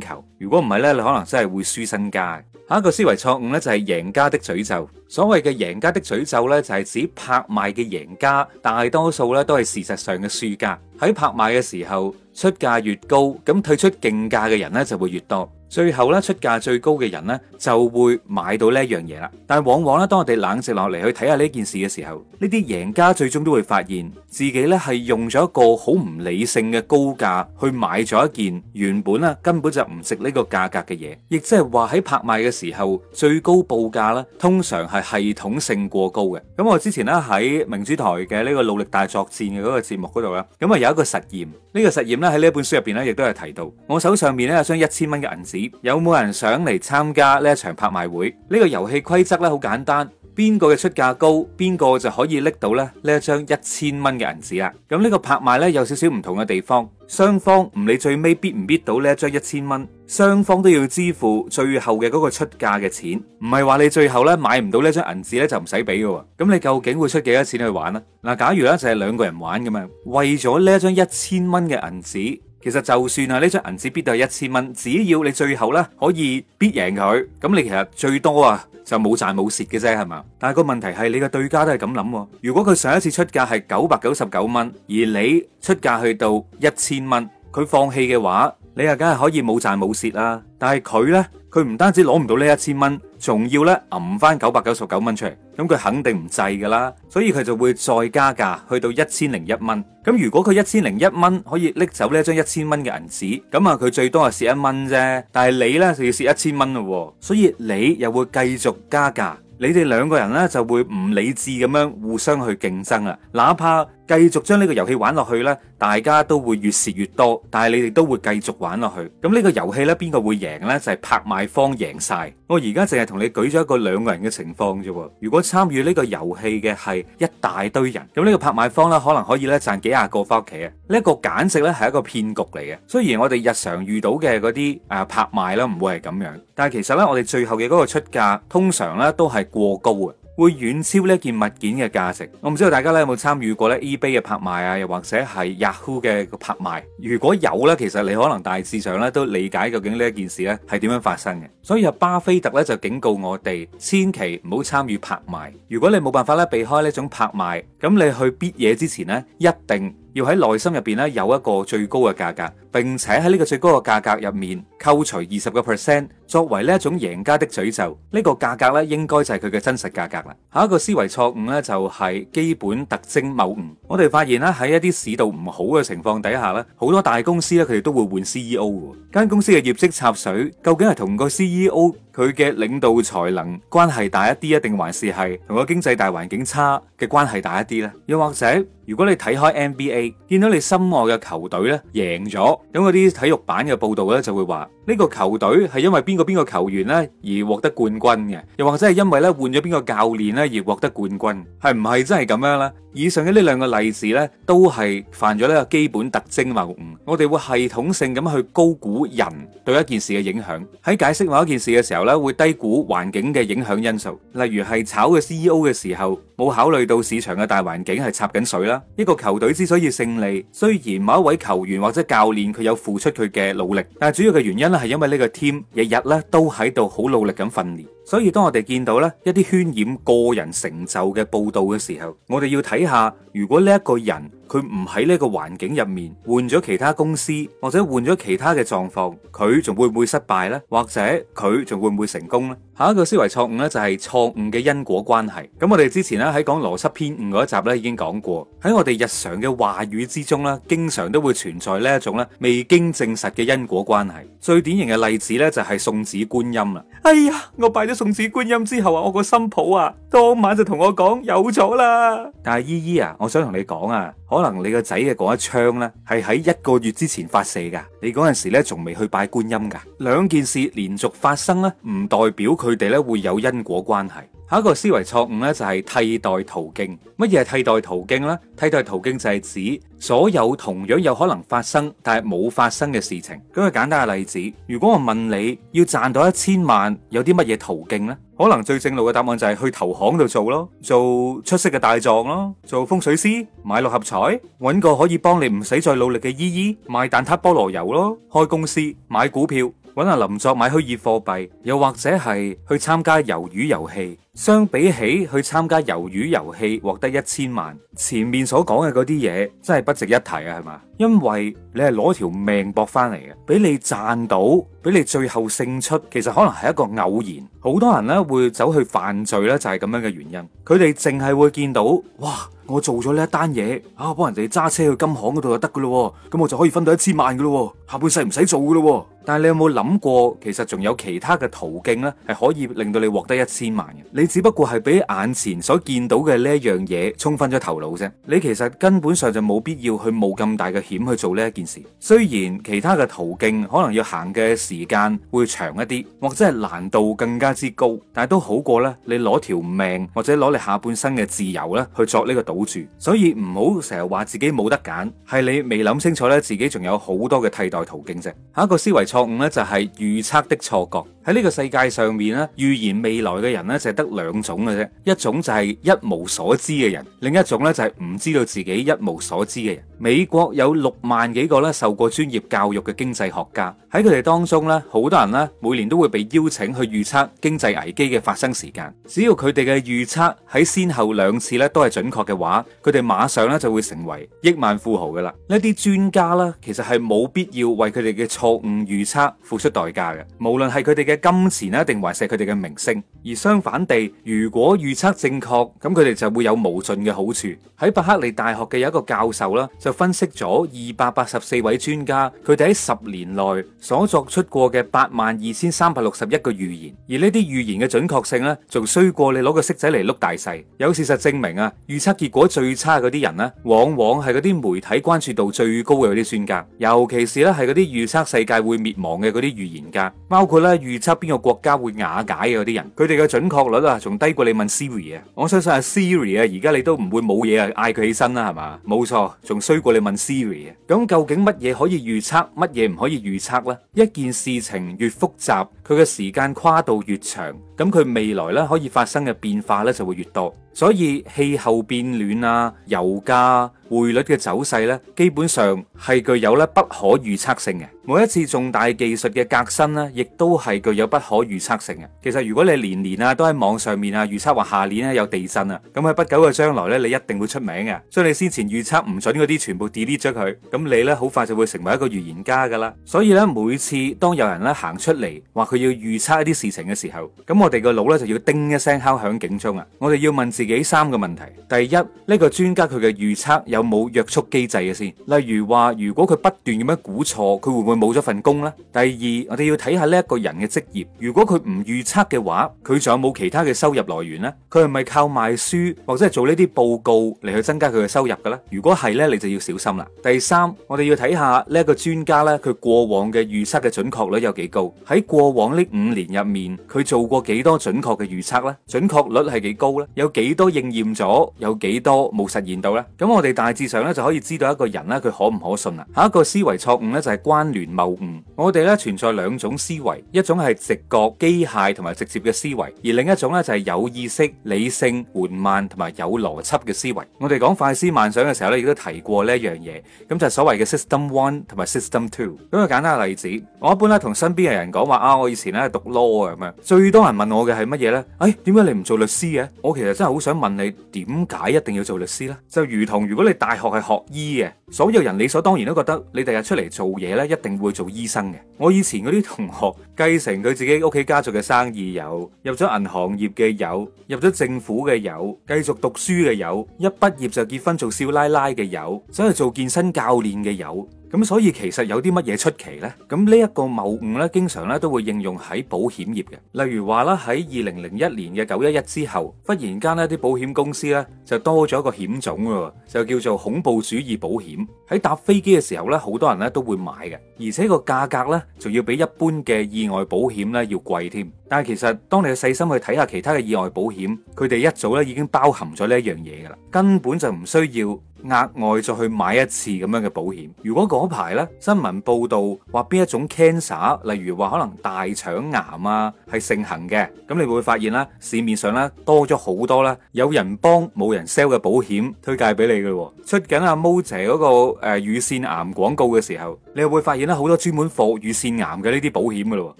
求。如果唔係咧，你可能真係會輸身家。下一個思維錯誤咧就係贏家的詛咒。所謂嘅贏家的詛咒咧，就係指拍賣嘅贏家大多數咧都係事實上嘅輸家。喺拍賣嘅時候。出價越高，咁退出競價嘅人呢就會越多。最後咧，出價最高嘅人呢，就會買到呢一樣嘢啦。但係往往咧，當我哋冷靜落嚟去睇下呢件事嘅時候，呢啲贏家最終都會發現自己呢係用咗一個好唔理性嘅高價去買咗一件原本咧根本就唔值呢個價格嘅嘢。亦即係話喺拍賣嘅時候，最高報價咧通常係系統性過高嘅。咁我之前呢，喺明珠台嘅呢個努力大作戰嘅嗰個節目嗰度啦，咁啊有一個實驗，呢個實驗呢，喺呢一本書入邊呢，亦都係提到，我手上面呢，有張一千蚊嘅銀紙。有冇人想嚟參加呢一場拍賣會？呢、呢個遊戲規則咧好簡單，邊個嘅出價高，邊個就可以拎到咧呢一張一千蚊嘅銀紙啦。咁、呢、呢個拍賣咧有少少唔同嘅地方，雙方唔理最尾 bid 唔 bid 到呢一張一千蚊，雙方都要支付最後嘅嗰個出價嘅錢，唔係話你最後咧買唔到呢張銀紙咧就唔使俾噶。咁你究竟會出幾多錢去玩呢？嗱，假如咧就係兩個人玩咁樣，為咗呢一張一千蚊嘅銀紙。其實就算啊呢張銀紙必到一千蚊，只要你最後咧可以必贏佢，咁你其實最多啊就冇賺冇蝕嘅啫，係嘛？但係個問題係你嘅對家都係咁諗，如果佢上一次出價係九百九十九蚊，而你出價去到一千蚊，佢放棄嘅話，你啊梗係可以冇賺冇蝕啦。但係佢呢？佢唔單止攞唔到呢一千蚊，仲要咧揞翻九百九十九蚊出嚟，咁佢肯定唔制噶啦，所以佢就會再加價去到一千零一蚊。咁如果佢一千零一蚊可以拎走呢一張一千蚊嘅銀紙，咁啊佢最多係蝕一蚊啫，但係你呢就要蝕一千蚊咯，所以你又會繼續加價，你哋兩個人呢就會唔理智咁樣互相去競爭啦，哪怕，繼續將呢個遊戲玩落去呢，大家都會越蝕越多，但係你哋都會繼續玩落去。咁呢個遊戲呢，邊個會贏呢？就係拍賣方贏晒。我而家淨係同你舉咗一個兩個人嘅情況啫。如果參與呢個遊戲嘅係一大堆人，咁呢個拍賣方呢，可能可以呢賺幾廿個翻屋企啊。呢個簡直呢係一個騙局嚟嘅。雖然我哋日常遇到嘅嗰啲誒拍賣啦，唔會係咁樣，但係其實呢，我哋最後嘅嗰個出價通常呢都係過高嘅。會遠超呢件物件嘅價值，我唔知道大家咧有冇參與過咧、e、eBay 嘅拍賣啊，又或者係 Yahoo 嘅拍賣，如果有呢，其實你可能大致上咧都理解究竟呢一件事咧係點樣發生嘅，所以啊巴菲特呢，就警告我哋，千祈唔好參與拍賣，如果你冇辦法咧避開呢種拍賣，咁你去 bid 嘢之前呢，一定，要喺內心入邊咧有一個最高嘅價格，並且喺呢個最高嘅價格入面扣除二十個 percent 作為呢一種贏家的詛咒，呢、這個價格咧應該就係佢嘅真實價格啦。下一個思維錯誤咧就係基本特徵謬誤。我哋發現咧喺一啲市道唔好嘅情況底下咧，好多大公司咧佢哋都會換 CEO，間公司嘅業績插水，究竟係同個 CEO？佢嘅領導才能關係大一啲，一定還是係同個經濟大環境差嘅關係大一啲呢？又或者，如果你睇開 NBA，見到你心愛嘅球隊呢贏咗，咁嗰啲體育版嘅報導呢，就會話，呢個球隊係因為邊個邊個球員咧而獲得冠軍嘅，又或者係因為咧換咗邊個教練咧而獲得冠軍，係唔係真係咁樣咧？以上嘅呢兩個例子咧，都係犯咗呢個基本特徵謬誤。我哋會系統性咁去高估人對一件事嘅影響，喺解釋某一件事嘅時候咧，會低估環境嘅影響因素。例如係炒嘅 CEO 嘅時候，冇考慮到市場嘅大環境係插緊水啦。一個球隊之所以勝利，雖然某一位球員或者教練佢有付出佢嘅努力，但係主要嘅原因咧。係因為呢個 team 日日咧都喺度好努力咁訓練。所以當我哋見到咧一啲渲染個人成就嘅報道嘅時候，我哋要睇下，如果呢一個人佢唔喺呢個環境入面換咗其他公司或者換咗其他嘅狀況，佢仲會唔會失敗呢？或者佢仲會唔會成功呢？下一個思維錯誤咧就係錯誤嘅因果關係。咁我哋之前咧喺講邏輯偏誤嗰一集咧已經講過，喺我哋日常嘅話語之中咧，經常都會存在呢一種咧未經證實嘅因果關係。最典型嘅例子咧就係送子觀音啦。哎呀，我拜咗。送子觀音之後啊，我個新抱啊，當晚就同我講，有咗啦。但係依依啊，我想同你講啊，可能你個仔嘅嗰一槍呢，係喺一個月之前發射㗎。你嗰陣時呢，仲未去拜觀音㗎。兩件事連續發生呢，唔代表佢哋呢會有因果關係。下一個思維錯誤咧就係、是、替代途徑。乜嘢係替代途徑呢？替代途徑就係指所有同樣有可能發生但係冇發生嘅事情。咁、舉個簡單嘅例子，如果我問你要賺到一千萬有啲乜嘢途徑呢？可能最正路嘅答案就係去投行度做咯，做出色嘅大狀咯，做風水師，買六合彩，揾個可以幫你唔使再努力嘅姨姨，賣蛋撻菠蘿油咯，開公司，買股票，揾阿林作買虛擬貨幣，又或者係去參加魷魚遊戲。相比起去參加魷魚遊戲獲得一千萬，前面所講嘅嗰啲嘢真係不值一提啊，係咪？因為你係攞條命搏翻嚟嘅，俾你賺到，俾你最後勝出，其實可能係一個偶然。好多人咧會走去犯罪咧，就係咁樣嘅原因。佢哋淨係會見到，哇！我做咗呢一單嘢啊，幫人哋揸車去金行嗰度就得噶咯，咁我就可以分到一千萬噶咯，下半世唔使做噶咯。但係你有冇諗過，其實仲有其他嘅途徑咧，係可以令到你獲得一千萬嘅？你只不過係俾眼前所見到嘅呢一樣嘢沖昏咗頭腦啫。你其實根本上就冇必要去冒咁大嘅。險去做呢一件事，雖然其他嘅途徑可能要行嘅時間會長一啲，或者係難度更加之高，但係都好過咧，你攞條命或者攞你下半生嘅自由咧去作呢個賭注。所以唔好成日話自己冇得揀，係你未諗清楚咧，自己仲有好多嘅替代途徑啫。下一個思維錯誤呢，就係、是、預測的錯覺。喺呢個世界上面咧，預言未來嘅人咧就係得兩種嘅啫，一種就係一無所知嘅人，另一種咧就係唔知道自己一無所知嘅人。美國有六萬幾個咧受過專業教育嘅經濟學家。喺佢哋當中咧，好多人咧，每年都會被邀請去預測經濟危機嘅發生時間。只要佢哋嘅預測喺先後兩次咧都係準確嘅話，佢哋馬上咧就會成為億萬富豪噶啦。呢啲專家啦，其實係冇必要為佢哋嘅錯誤預測付出代價嘅，無論係佢哋嘅金錢啦，定還是佢哋嘅名聲。而相反地，如果預測正確，咁佢哋就會有無盡嘅好處。喺伯克利大學嘅有一個教授啦，就分析咗二百八十四位專家，佢哋喺十年內。所作出過嘅八萬二千三百六十一個預言，而呢啲預言嘅準確性咧，仲衰過你攞個骰仔嚟碌大細。有事實證明啊，預測結果最差嗰啲人咧，往往係嗰啲媒體關注度最高嘅嗰啲專家，尤其是咧係嗰啲預測世界會滅亡嘅嗰啲預言家，包括咧預測邊個國家會瓦解嘅嗰啲人，佢哋嘅準確率啊，仲低過你問 Siri 啊！我相信啊，Siri 啊，而家你都唔會冇嘢啊嗌佢起身啦，係嘛？冇錯，仲衰過你問 Siri 啊！咁究竟乜嘢可以預測，乜嘢唔可以預測呢？一件事情越複雜。佢嘅時間跨度越長，咁佢未來咧可以發生嘅變化咧就會越多，所以氣候變暖啊、油價、匯率嘅走勢咧，基本上係具有咧不可預測性嘅。每一次重大技術嘅革新咧，亦都係具有不可預測性嘅。其實如果你年年啊都喺網上面啊預測話下年咧有地震啊，咁喺不久嘅將來咧你一定會出名嘅。所以你先前預測唔準嗰啲全部 delete 咗佢，咁你咧好快就會成為一個預言家噶啦。所以咧每次當有人咧行出嚟話佢要預測一啲事情嘅時候，咁我哋個腦咧就要叮一聲敲響警鐘啊！我哋要問自己三個問題：第一，呢個專家佢嘅預測有冇約束機制嘅先？例如話，如果佢不斷咁樣估錯，佢會唔會冇咗份工呢？第二，我哋要睇下呢一個人嘅職業，如果佢唔預測嘅話，佢仲有冇其他嘅收入來源呢？佢係咪靠賣書或者係做呢啲報告嚟，去增加佢嘅收入嘅咧？如果係呢，你就要小心啦。第三，我哋要睇下呢一個專家呢，佢過往嘅預測嘅準確率有幾高？喺過往講呢五年入面，佢做過幾多準確嘅預測咧？準確率係幾高咧？有幾多應驗咗？有幾多冇實現到咧？咁我哋大致上咧就可以知道一個人咧佢可唔可信啊。下一個思維錯誤咧就係關聯謬誤。我哋咧存在兩種思維，一種係直覺機械同埋直接嘅思維，而另一種咧就係有意識、理性、緩慢同埋有邏輯嘅思維。我哋講快思慢想嘅時候咧，亦都提過呢一樣嘢，咁就係所謂嘅 System One 同埋 System Two。咁啊，簡單嘅例子，我一般咧同身邊嘅人講話啊，我。以前呢讀 law 啊，咁樣，最多人問我嘅係乜嘢呢？哎，點解你唔做律師嘅？我其實真係好想問你，點解一定要做律師呢？就如同如果你大學係學醫嘅，所有人理所當然都覺得你第日出嚟做嘢呢，一定會做醫生嘅。我以前嗰啲同學。繼承佢自己屋企家族嘅生意，有入咗銀行業嘅，有入咗政府嘅，有繼續讀書嘅，有一畢業就結婚做少奶奶嘅，有走去做健身教練嘅，有咁，所以其實有啲乜嘢出奇咧？咁呢一個謬誤咧，經常咧都會應用喺保險業嘅，例如話啦，喺二零零一年嘅九一一之後，忽然間咧啲保險公司咧就多咗一個險種，就叫做恐怖主義保險。喺搭飛機嘅時候咧，好多人咧都會買嘅，而且個價格咧仲要比一般嘅二意外保險咧要貴添，但係其實當你細心去睇下其他嘅意外保險，佢哋一早咧已經包含咗呢一樣嘢㗎啦，根本就唔需要。額外再去買一次咁樣嘅保險。如果嗰排咧新聞報道話邊一種 cancer，例如話可能大腸癌啊，係盛行嘅，咁你會發現啦，市面上咧多咗好多啦，有人幫冇人 sell 嘅保險推介俾你嘅喎。出緊阿毛姐嗰個、呃、乳腺癌廣告嘅時候，你會發現咧好多專門防乳腺癌嘅呢啲保險嘅咯，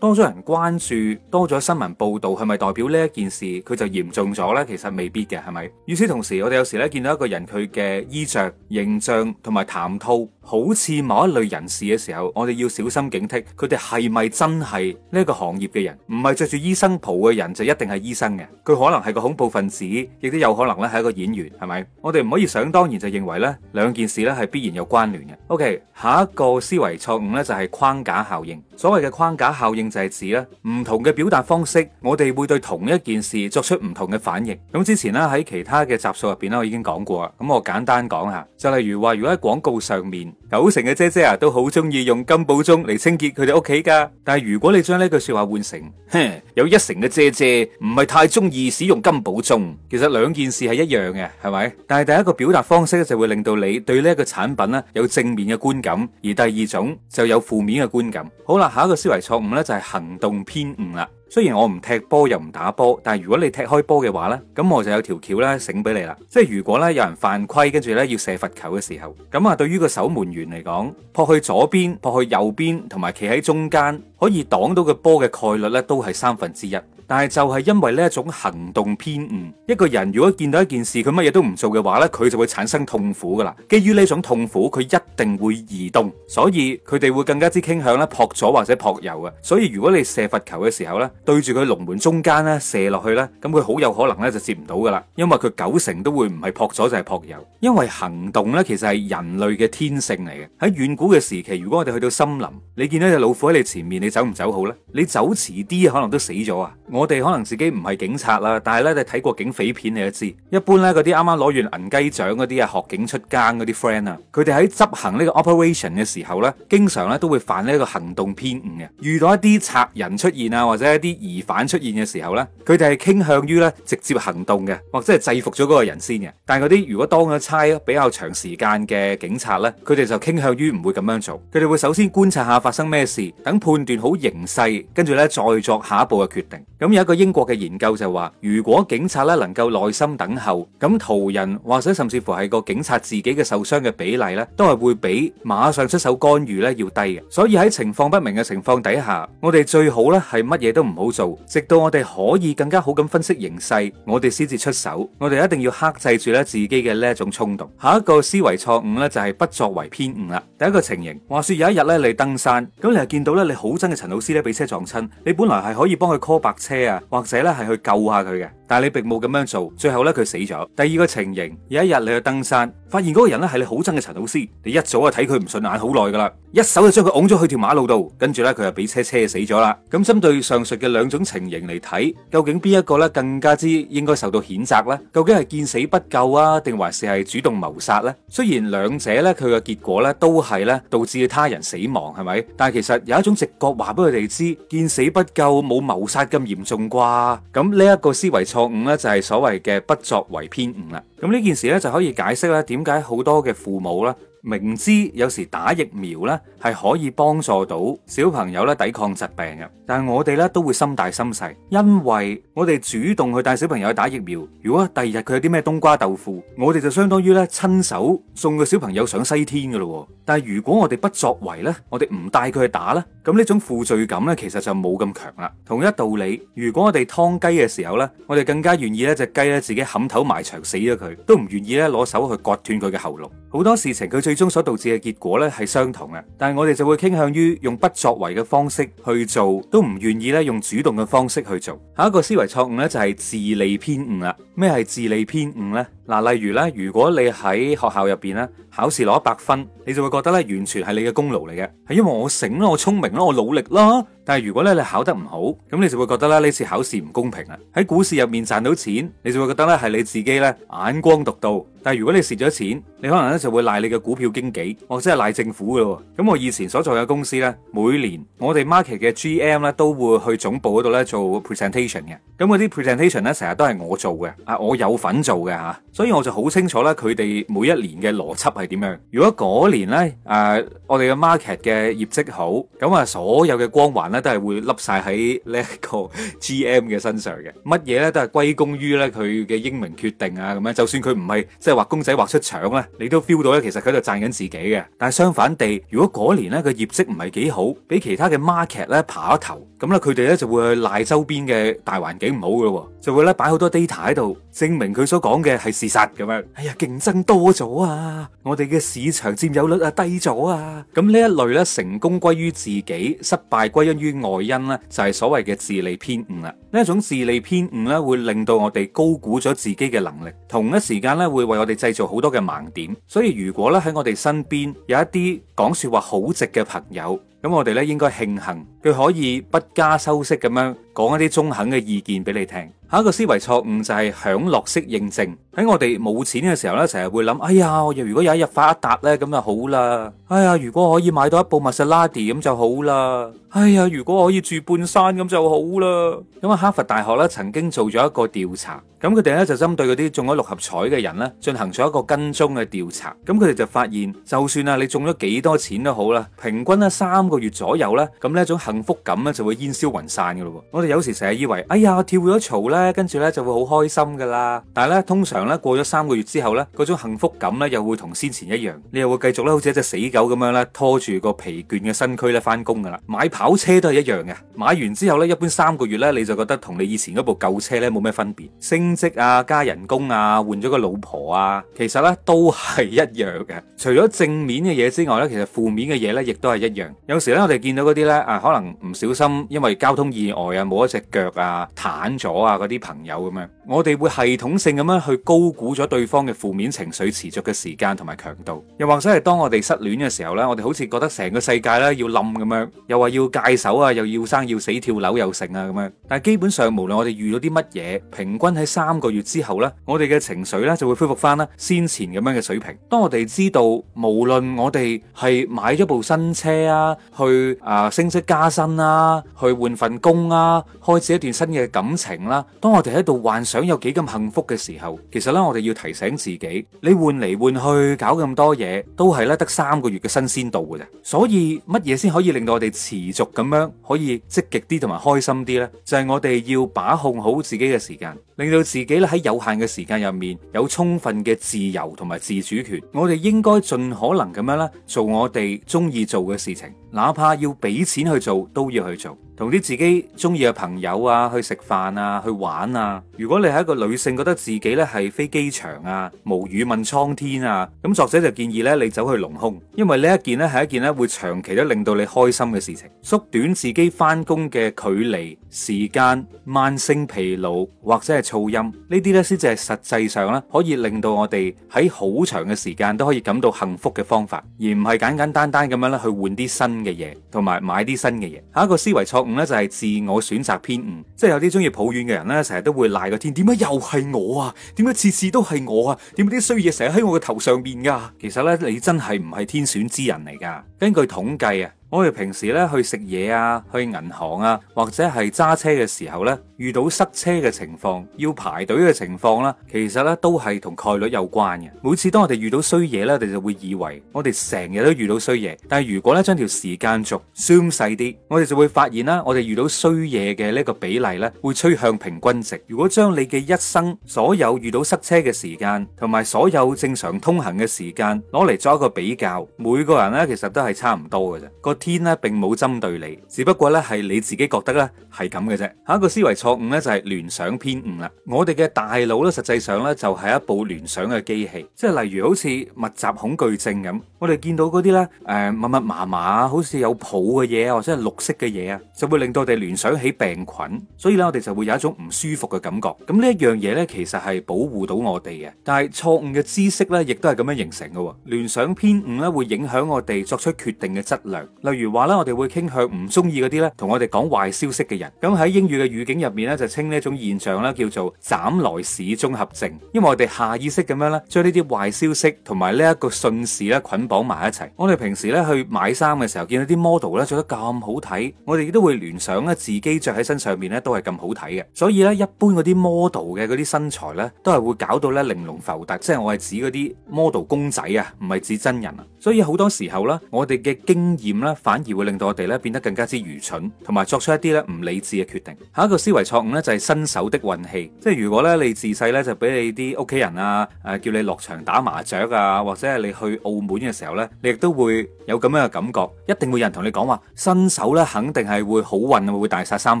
多咗人關注，多咗新聞報道，係咪代表呢一件事佢就嚴重咗呢？其實未必嘅，係咪？與此同時，我哋有時咧見到一個人佢嘅醫衣着、形象同埋談吐，好似某一類人士嘅時候，我哋要小心警惕，佢哋係咪真係呢個行業嘅人？唔係着住醫生袍嘅人就一定係醫生嘅，佢可能係個恐怖分子，亦都有可能咧係一個演員，係咪？我哋唔可以想當然就認為咧兩件事咧係必然有關聯嘅。OK，下一個思維錯誤呢，就係框架效應。所謂嘅框架效應就係指咧唔同嘅表達方式，我哋會對同一件事作出唔同嘅反應。咁之前咧喺其他嘅集數入邊咧我已經講過，咁我簡單講下。就例如話，如果喺廣告上面，九成嘅姐姐都好中意用金寶鐘嚟清潔佢哋屋企噶。但係如果你將呢句說話換成，哼，有一成嘅姐姐唔係太中意使用金寶鐘。其實兩件事係一樣嘅，係咪？但係第一個表達方式就會令到你對呢一個產品咧有正面嘅觀感，而第二種就有負面嘅觀感。好啦。下一個思維錯誤咧就係、是、行動偏誤啦。雖然我唔踢波又唔打波，但係如果你踢開波嘅話呢，咁我就有條橋啦，醒俾你啦。即係如果咧有人犯規，跟住咧要射罰球嘅時候，咁啊對於個守門員嚟講，撲去左邊、撲去右邊同埋企喺中間，可以擋到個波嘅概率呢，都係三分之一。但係就係因為呢一種行動偏誤，一個人如果見到一件事，佢乜嘢都唔做嘅話呢，佢就會產生痛苦噶啦。基於呢種痛苦，佢一定會移動，所以佢哋會更加之傾向咧撲左或者撲右嘅。所以如果你射罰球嘅時候呢，對住佢龍門中間咧射落去呢，咁佢好有可能咧就接唔到噶啦，因為佢九成都會唔係撲左，就係撲右。因為行動呢其實係人類嘅天性嚟嘅。喺遠古嘅時期，如果我哋去到森林，你見到隻老虎喺你前面，你走唔走好呢？你走遲啲可能都死咗啊！我哋可能自己唔係警察啦，但係咧你睇過警匪片你都知，一般咧嗰啲啱啱攞完銀雞獎嗰啲啊，學警出更嗰啲 friend 啊，佢哋喺執行呢個 operation 嘅時候咧，經常咧都會犯呢個行動偏誤嘅。遇到一啲賊人出現啊，或者一啲疑犯出現嘅時候咧，佢哋係傾向於咧直接行動嘅，或者係制服咗嗰個人先嘅。但係嗰啲如果當咗差比較長時間嘅警察咧，佢哋就傾向於唔會咁樣做，佢哋會首先觀察下發生咩事，等判斷好形勢，跟住咧再作下一步嘅決定。咁有一個英國嘅研究就話，如果警察咧能夠耐心等候，咁途人或者甚至乎係個警察自己嘅受傷嘅比例咧，都係會比馬上出手干預咧要低嘅。所以喺情況不明嘅情況底下，我哋最好咧係乜嘢都唔好做，直到我哋可以更加好咁分析形勢，我哋先至出手。我哋一定要克制住咧自己嘅呢一種衝動。下一個思維錯誤咧就係不作為偏誤啦。第一個情形，話說有一日咧你登山，咁你係見到咧你好憎嘅陳老師咧俾車撞親，你本來係可以幫佢 call 白車。車啊，或者咧係去救下佢嘅。但係你並冇咁樣做，最後咧佢死咗。第二個情形，有一日你去登山，發現嗰個人咧係你好憎嘅陳老師，你一早就睇佢唔順眼好耐噶啦，一手就將佢拱咗去條馬路度，跟住咧佢就俾車車死咗啦。咁針對上述嘅兩種情形嚟睇，究竟邊一個咧更加之應該受到譴責咧？究竟係見死不救啊，定還是係主動謀殺咧？雖然兩者咧佢嘅結果咧都係咧導致他人死亡，係咪？但係其實有一種直覺話俾佢哋知，見死不救冇謀殺咁嚴重啩？咁呢一個思維錯。錯誤咧就係所謂嘅不作為偏誤啦，咁呢件事咧就可以解釋咧點解好多嘅父母咧。明知有時打疫苗咧係可以幫助到小朋友咧抵抗疾病嘅，但係我哋咧都會心大心細，因為我哋主動去帶小朋友去打疫苗。如果第二日佢有啲咩冬瓜豆腐，我哋就相當於咧親手送個小朋友上西天噶咯。但係如果我哋不作為咧，我哋唔帶佢去打啦。咁呢種負罪感咧其實就冇咁強啦。同一道理，如果我哋劏雞嘅時候咧，我哋更加願意咧隻雞咧自己冚頭埋牆死咗佢，都唔願意咧攞手去割斷佢嘅喉嚨。好多事情佢最終所導致嘅結果呢係相同嘅。但係我哋就會傾向於用不作為嘅方式去做，都唔願意咧用主動嘅方式去做。下一個思維錯誤呢，就係、是、自利偏誤啦。咩係自利偏誤呢？嗱、啊，例如呢，如果你喺學校入邊咧考試攞一百分，你就會覺得呢完全係你嘅功勞嚟嘅，係因為我醒啦，我聰明啦，我努力啦。但係如果咧你考得唔好，咁你就會覺得咧呢次考試唔公平啊！喺股市入面賺到錢，你就會覺得咧係你自己咧眼光獨到；但係如果你蝕咗錢，你可能咧就會賴你嘅股票經紀，或者係賴政府嘅咯。咁我以前所在嘅公司咧，每年我哋 market 嘅 GM 咧都會去總部嗰度咧做 presentation 嘅。咁嗰啲 presentation 咧成日都係我做嘅，啊我有份做嘅吓，所以我就好清楚咧佢哋每一年嘅邏輯係點樣。如果嗰年咧誒、呃、我哋嘅 market 嘅業績好，咁啊所有嘅光環。咧都係會笠晒喺呢一個 GM 嘅身上嘅，乜嘢咧都係歸功於咧佢嘅英明決定啊咁樣。就算佢唔係即係畫公仔畫出腸咧，你都 feel 到咧，其實佢喺度讚緊自己嘅。但係相反地，如果嗰年咧佢業績唔係幾好，畀其他嘅 market 咧爬咗頭，咁咧佢哋咧就會去賴周邊嘅大環境唔好咯，就會咧擺好多 data 喺度證明佢所講嘅係事實咁樣。哎呀，競爭多咗啊，我哋嘅市場佔有率啊低咗啊，咁呢一類咧成功歸於自己，失敗歸因。於外因呢，就係所謂嘅自利偏誤啦。呢一種自利偏誤呢，會令到我哋高估咗自己嘅能力，同一時間呢，會為我哋製造好多嘅盲點。所以如果咧喺我哋身邊有一啲講說話好直嘅朋友。咁我哋咧，應該慶幸佢可以不加修飾咁樣講一啲中肯嘅意見俾你聽。下一個思維錯誤就係享樂式認證。喺我哋冇錢嘅時候咧，成日會諗：哎呀，我若如果有一日發一達咧，咁就好啦。哎呀，如果可以買到一部瑪莎拉蒂，咁就好啦。哎呀，如果可以住半山，咁就好啦。咁啊，哈佛大學咧曾經做咗一個調查，咁佢哋咧就針對嗰啲中咗六合彩嘅人咧進行咗一個跟蹤嘅調查。咁佢哋就發現，就算啊你中咗幾多錢都好啦，平均咧三個月左右咧，咁呢一種幸福感咧就會煙消雲散噶咯。我哋有時成日以為，哎呀，跳咗槽呢，跟住呢就會好開心噶啦。但係呢，通常呢過咗三個月之後呢，嗰種幸福感呢又會同先前一樣，你又會繼續咧好似一隻死狗咁樣咧拖住個疲倦嘅身軀咧翻工噶啦。買跑車都係一樣嘅，買完之後呢，一般三個月呢，你就覺得同你以前嗰部舊車呢冇咩分別。升職啊、加人工啊、換咗個老婆啊，其實呢都係一樣嘅。除咗正面嘅嘢之外呢，其實負面嘅嘢呢亦都係一樣。有時咧，我哋見到嗰啲咧啊，可能唔小心因為交通意外啊，冇咗隻腳啊，癱咗啊，嗰啲朋友咁樣，我哋會系統性咁樣去高估咗對方嘅負面情緒持續嘅時間同埋強度。又或者係當我哋失戀嘅時候咧，我哋好似覺得成個世界咧要冧咁樣，又話要戒手啊，又要生要死跳樓又成啊咁樣。但係基本上，無論我哋遇到啲乜嘢，平均喺三個月之後咧，我哋嘅情緒咧就會恢復翻啦先前咁樣嘅水平。當我哋知道，無論我哋係買咗部新車啊，去啊升職加薪啦，去換份工啊，開始一段新嘅感情啦。當我哋喺度幻想有幾咁幸福嘅時候，其實呢，我哋要提醒自己，你換嚟換去搞咁多嘢，都係咧得三個月嘅新鮮度㗎咋。所以乜嘢先可以令到我哋持續咁樣可以積極啲同埋開心啲呢？就係我哋要把控好自己嘅時間。令到自己咧喺有限嘅時間入面有充分嘅自由同埋自主權，我哋應該盡可能咁樣咧做我哋中意做嘅事情，哪怕要俾錢去做都要去做，同啲自己中意嘅朋友啊去食飯啊去玩啊。如果你係一個女性覺得自己咧係飛機場啊無語問蒼天啊，咁作者就建議咧你走去隆胸，因為呢一件咧係一件咧會長期都令到你開心嘅事情，縮短自己翻工嘅距離時間，慢性疲勞或者係。噪音呢啲呢，先至係實際上啦，可以令到我哋喺好長嘅時間都可以感到幸福嘅方法，而唔係簡簡單單咁樣咧去換啲新嘅嘢，同埋買啲新嘅嘢。下一個思維錯誤呢，就係自我選擇偏誤，即係有啲中意抱怨嘅人呢，成日都會賴個天，點解又係我啊？點解次次都係我啊？點解啲衰嘢成日喺我嘅頭上面噶？其實呢，你真係唔係天選之人嚟噶。根據統計啊。我哋平時咧去食嘢啊，去銀行啊，或者係揸車嘅時候咧，遇到塞車嘅情況，要排隊嘅情況啦，其實咧都係同概率有關嘅。每次當我哋遇到衰嘢咧，我哋就會以為我哋成日都遇到衰嘢。但係如果咧將條時間軸縮細啲，我哋就會發現啦，我哋遇到衰嘢嘅呢個比例咧會趨向平均值。如果將你嘅一生所有遇到塞車嘅時間，同埋所有正常通行嘅時間攞嚟作一個比較，每個人咧其實都係差唔多嘅啫。個天呢並冇針對你，只不過呢係你自己覺得呢係咁嘅啫。下一個思維錯誤呢就係聯想偏誤啦。我哋嘅大腦呢實際上呢就係一部聯想嘅機器，即係例如好似密集恐懼症咁，我哋見到嗰啲呢誒密密麻麻啊，好似有泡嘅嘢啊，或者係綠色嘅嘢啊，就會令到我哋聯想起病菌，所以咧我哋就會有一種唔舒服嘅感覺。咁呢一樣嘢呢其實係保護到我哋嘅，但係錯誤嘅知識呢亦都係咁樣形成嘅。聯想偏誤呢會影響我哋作出決定嘅質量。例如話咧，我哋會傾向唔中意嗰啲咧，同我哋講壞消息嘅人。咁喺英語嘅語境入面咧，就稱呢一種現象咧，叫做斬來使綜合症。因為我哋下意識咁樣咧，將呢啲壞消息同埋呢一個信使咧捆綁埋一齊。我哋平時咧去買衫嘅時候，見到啲 model 咧着得咁好睇，我哋都會聯想咧自己着喺身上面咧都係咁好睇嘅。所以咧，一般嗰啲 model 嘅嗰啲身材咧，都係會搞到咧玲瓏浮凸。即係我係指嗰啲 model 公仔啊，唔係指真人啊。所以好多時候啦，我哋嘅經驗啦，反而會令到我哋咧變得更加之愚蠢，同埋作出一啲咧唔理智嘅決定。下一個思維錯誤咧就係新手的運氣，即係如果咧你自細咧就俾你啲屋企人啊，誒叫你落場打麻雀啊，或者係你去澳門嘅時候咧，你亦都會有咁樣嘅感覺，一定會有人同你講話新手咧肯定係會好運，會大殺三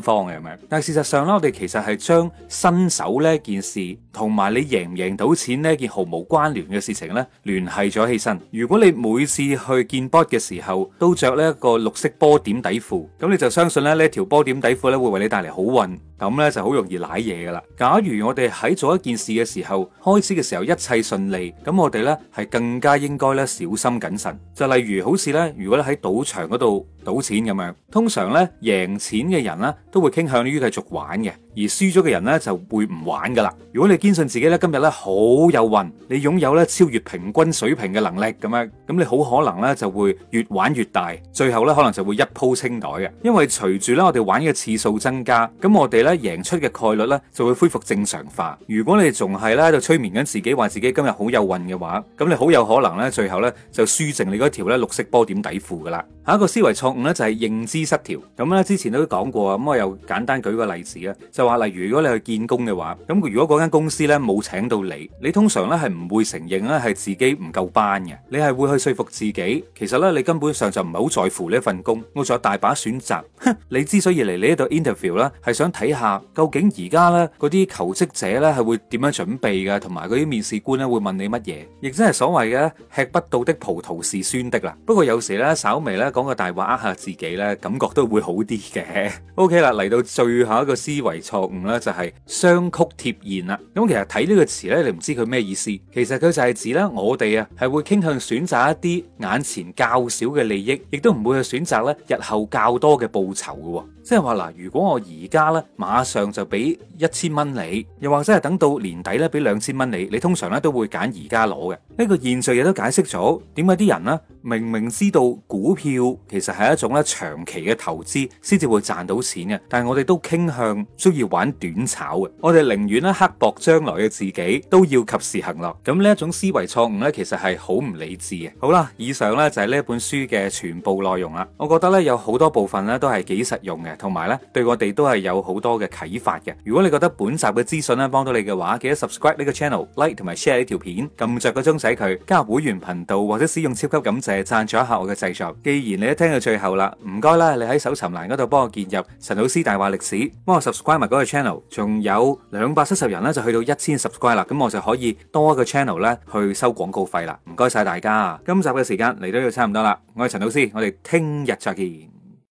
方嘅咁樣。但係事實上咧，我哋其實係將新手呢件事同埋你贏唔贏到錢呢件毫無關聯嘅事情咧聯繫咗起身。如果你冇，每次去見波嘅時候，都着呢一個綠色波點底褲，咁你就相信咧呢一條波點底褲咧，會為你帶嚟好運，咁呢就好容易舐嘢噶啦。假如我哋喺做一件事嘅時候，開始嘅時候一切順利，咁我哋呢係更加應該咧小心謹慎。就例如好似呢，如果咧喺賭場嗰度。賭錢咁樣，通常咧贏錢嘅人咧都會傾向於繼續玩嘅，而輸咗嘅人咧就會唔玩噶啦。如果你堅信自己咧今日咧好有運，你擁有咧超越平均水平嘅能力咁樣，咁你好可能咧就會越玩越大，最後咧可能就會一鋪清袋嘅因為隨住咧我哋玩嘅次數增加，咁我哋咧贏出嘅概率咧就會恢復正常化。如果你仲係咧就催眠緊自己，話自己今日好有運嘅話，咁你好有可能咧最後咧就輸淨你嗰條咧綠色波點底褲噶啦。下一個思維錯。呢就係認知失調。咁呢之前都講過，咁我又簡單舉個例子啊，就話例如如果你去見工嘅話，咁如果嗰間公司呢冇請到你，你通常呢係唔會承認呢係自己唔夠班嘅。你係會去説服自己，其實呢你根本上就唔係好在乎呢一份工。我仲有大把選擇。哼，你之所以嚟你呢度 interview 呢，係想睇下究竟而家呢嗰啲求職者呢係會點樣準備嘅，同埋嗰啲面試官呢會問你乜嘢，亦真係所謂嘅吃不到的葡萄是酸的啦。不過有時呢稍微呢講個大話吓自己咧，感覺都會好啲嘅。OK 啦，嚟到最後一個思維錯誤啦，就係、是、雙曲貼現啦。咁其實睇呢個詞咧，你唔知佢咩意思。其實佢就係指啦，我哋啊係會傾向選擇一啲眼前較少嘅利益，亦都唔會去選擇咧日後較多嘅報酬嘅。即係話嗱，如果我而家咧馬上就俾一千蚊你，又或者係等到年底咧俾兩千蚊你，你通常咧都會揀而家攞嘅。呢、這個現象亦都解釋咗點解啲人呢。明明知道股票其實係一種咧長期嘅投資，先至會賺到錢嘅，但係我哋都傾向鍾意玩短炒嘅。我哋寧願咧刻薄將來嘅自己，都要及時行樂。咁呢一種思維錯誤呢，其實係好唔理智嘅。好啦，以上呢就係呢一本書嘅全部內容啦。我覺得呢有好多部分咧都係幾實用嘅，同埋呢對我哋都係有好多嘅啟發嘅。如果你覺得本集嘅資訊咧幫到你嘅話，記得 subscribe 呢個 channel，like 同埋 share 呢條片，撳着個鐘仔佢，加入會員頻道或者使用超級感謝。就贊咗一下我嘅製作，既然你都聽到最後啦，唔該啦，你喺搜尋欄嗰度幫我建入陳老師大話歷史，幫我 subscribe 埋嗰個 channel，仲有兩百七十人咧就去到一千 subscribe 啦，咁我就可以多一個 channel 咧去收廣告費啦，唔該晒大家，今集嘅時間嚟到要差唔多啦，我係陳老師，我哋聽日再見。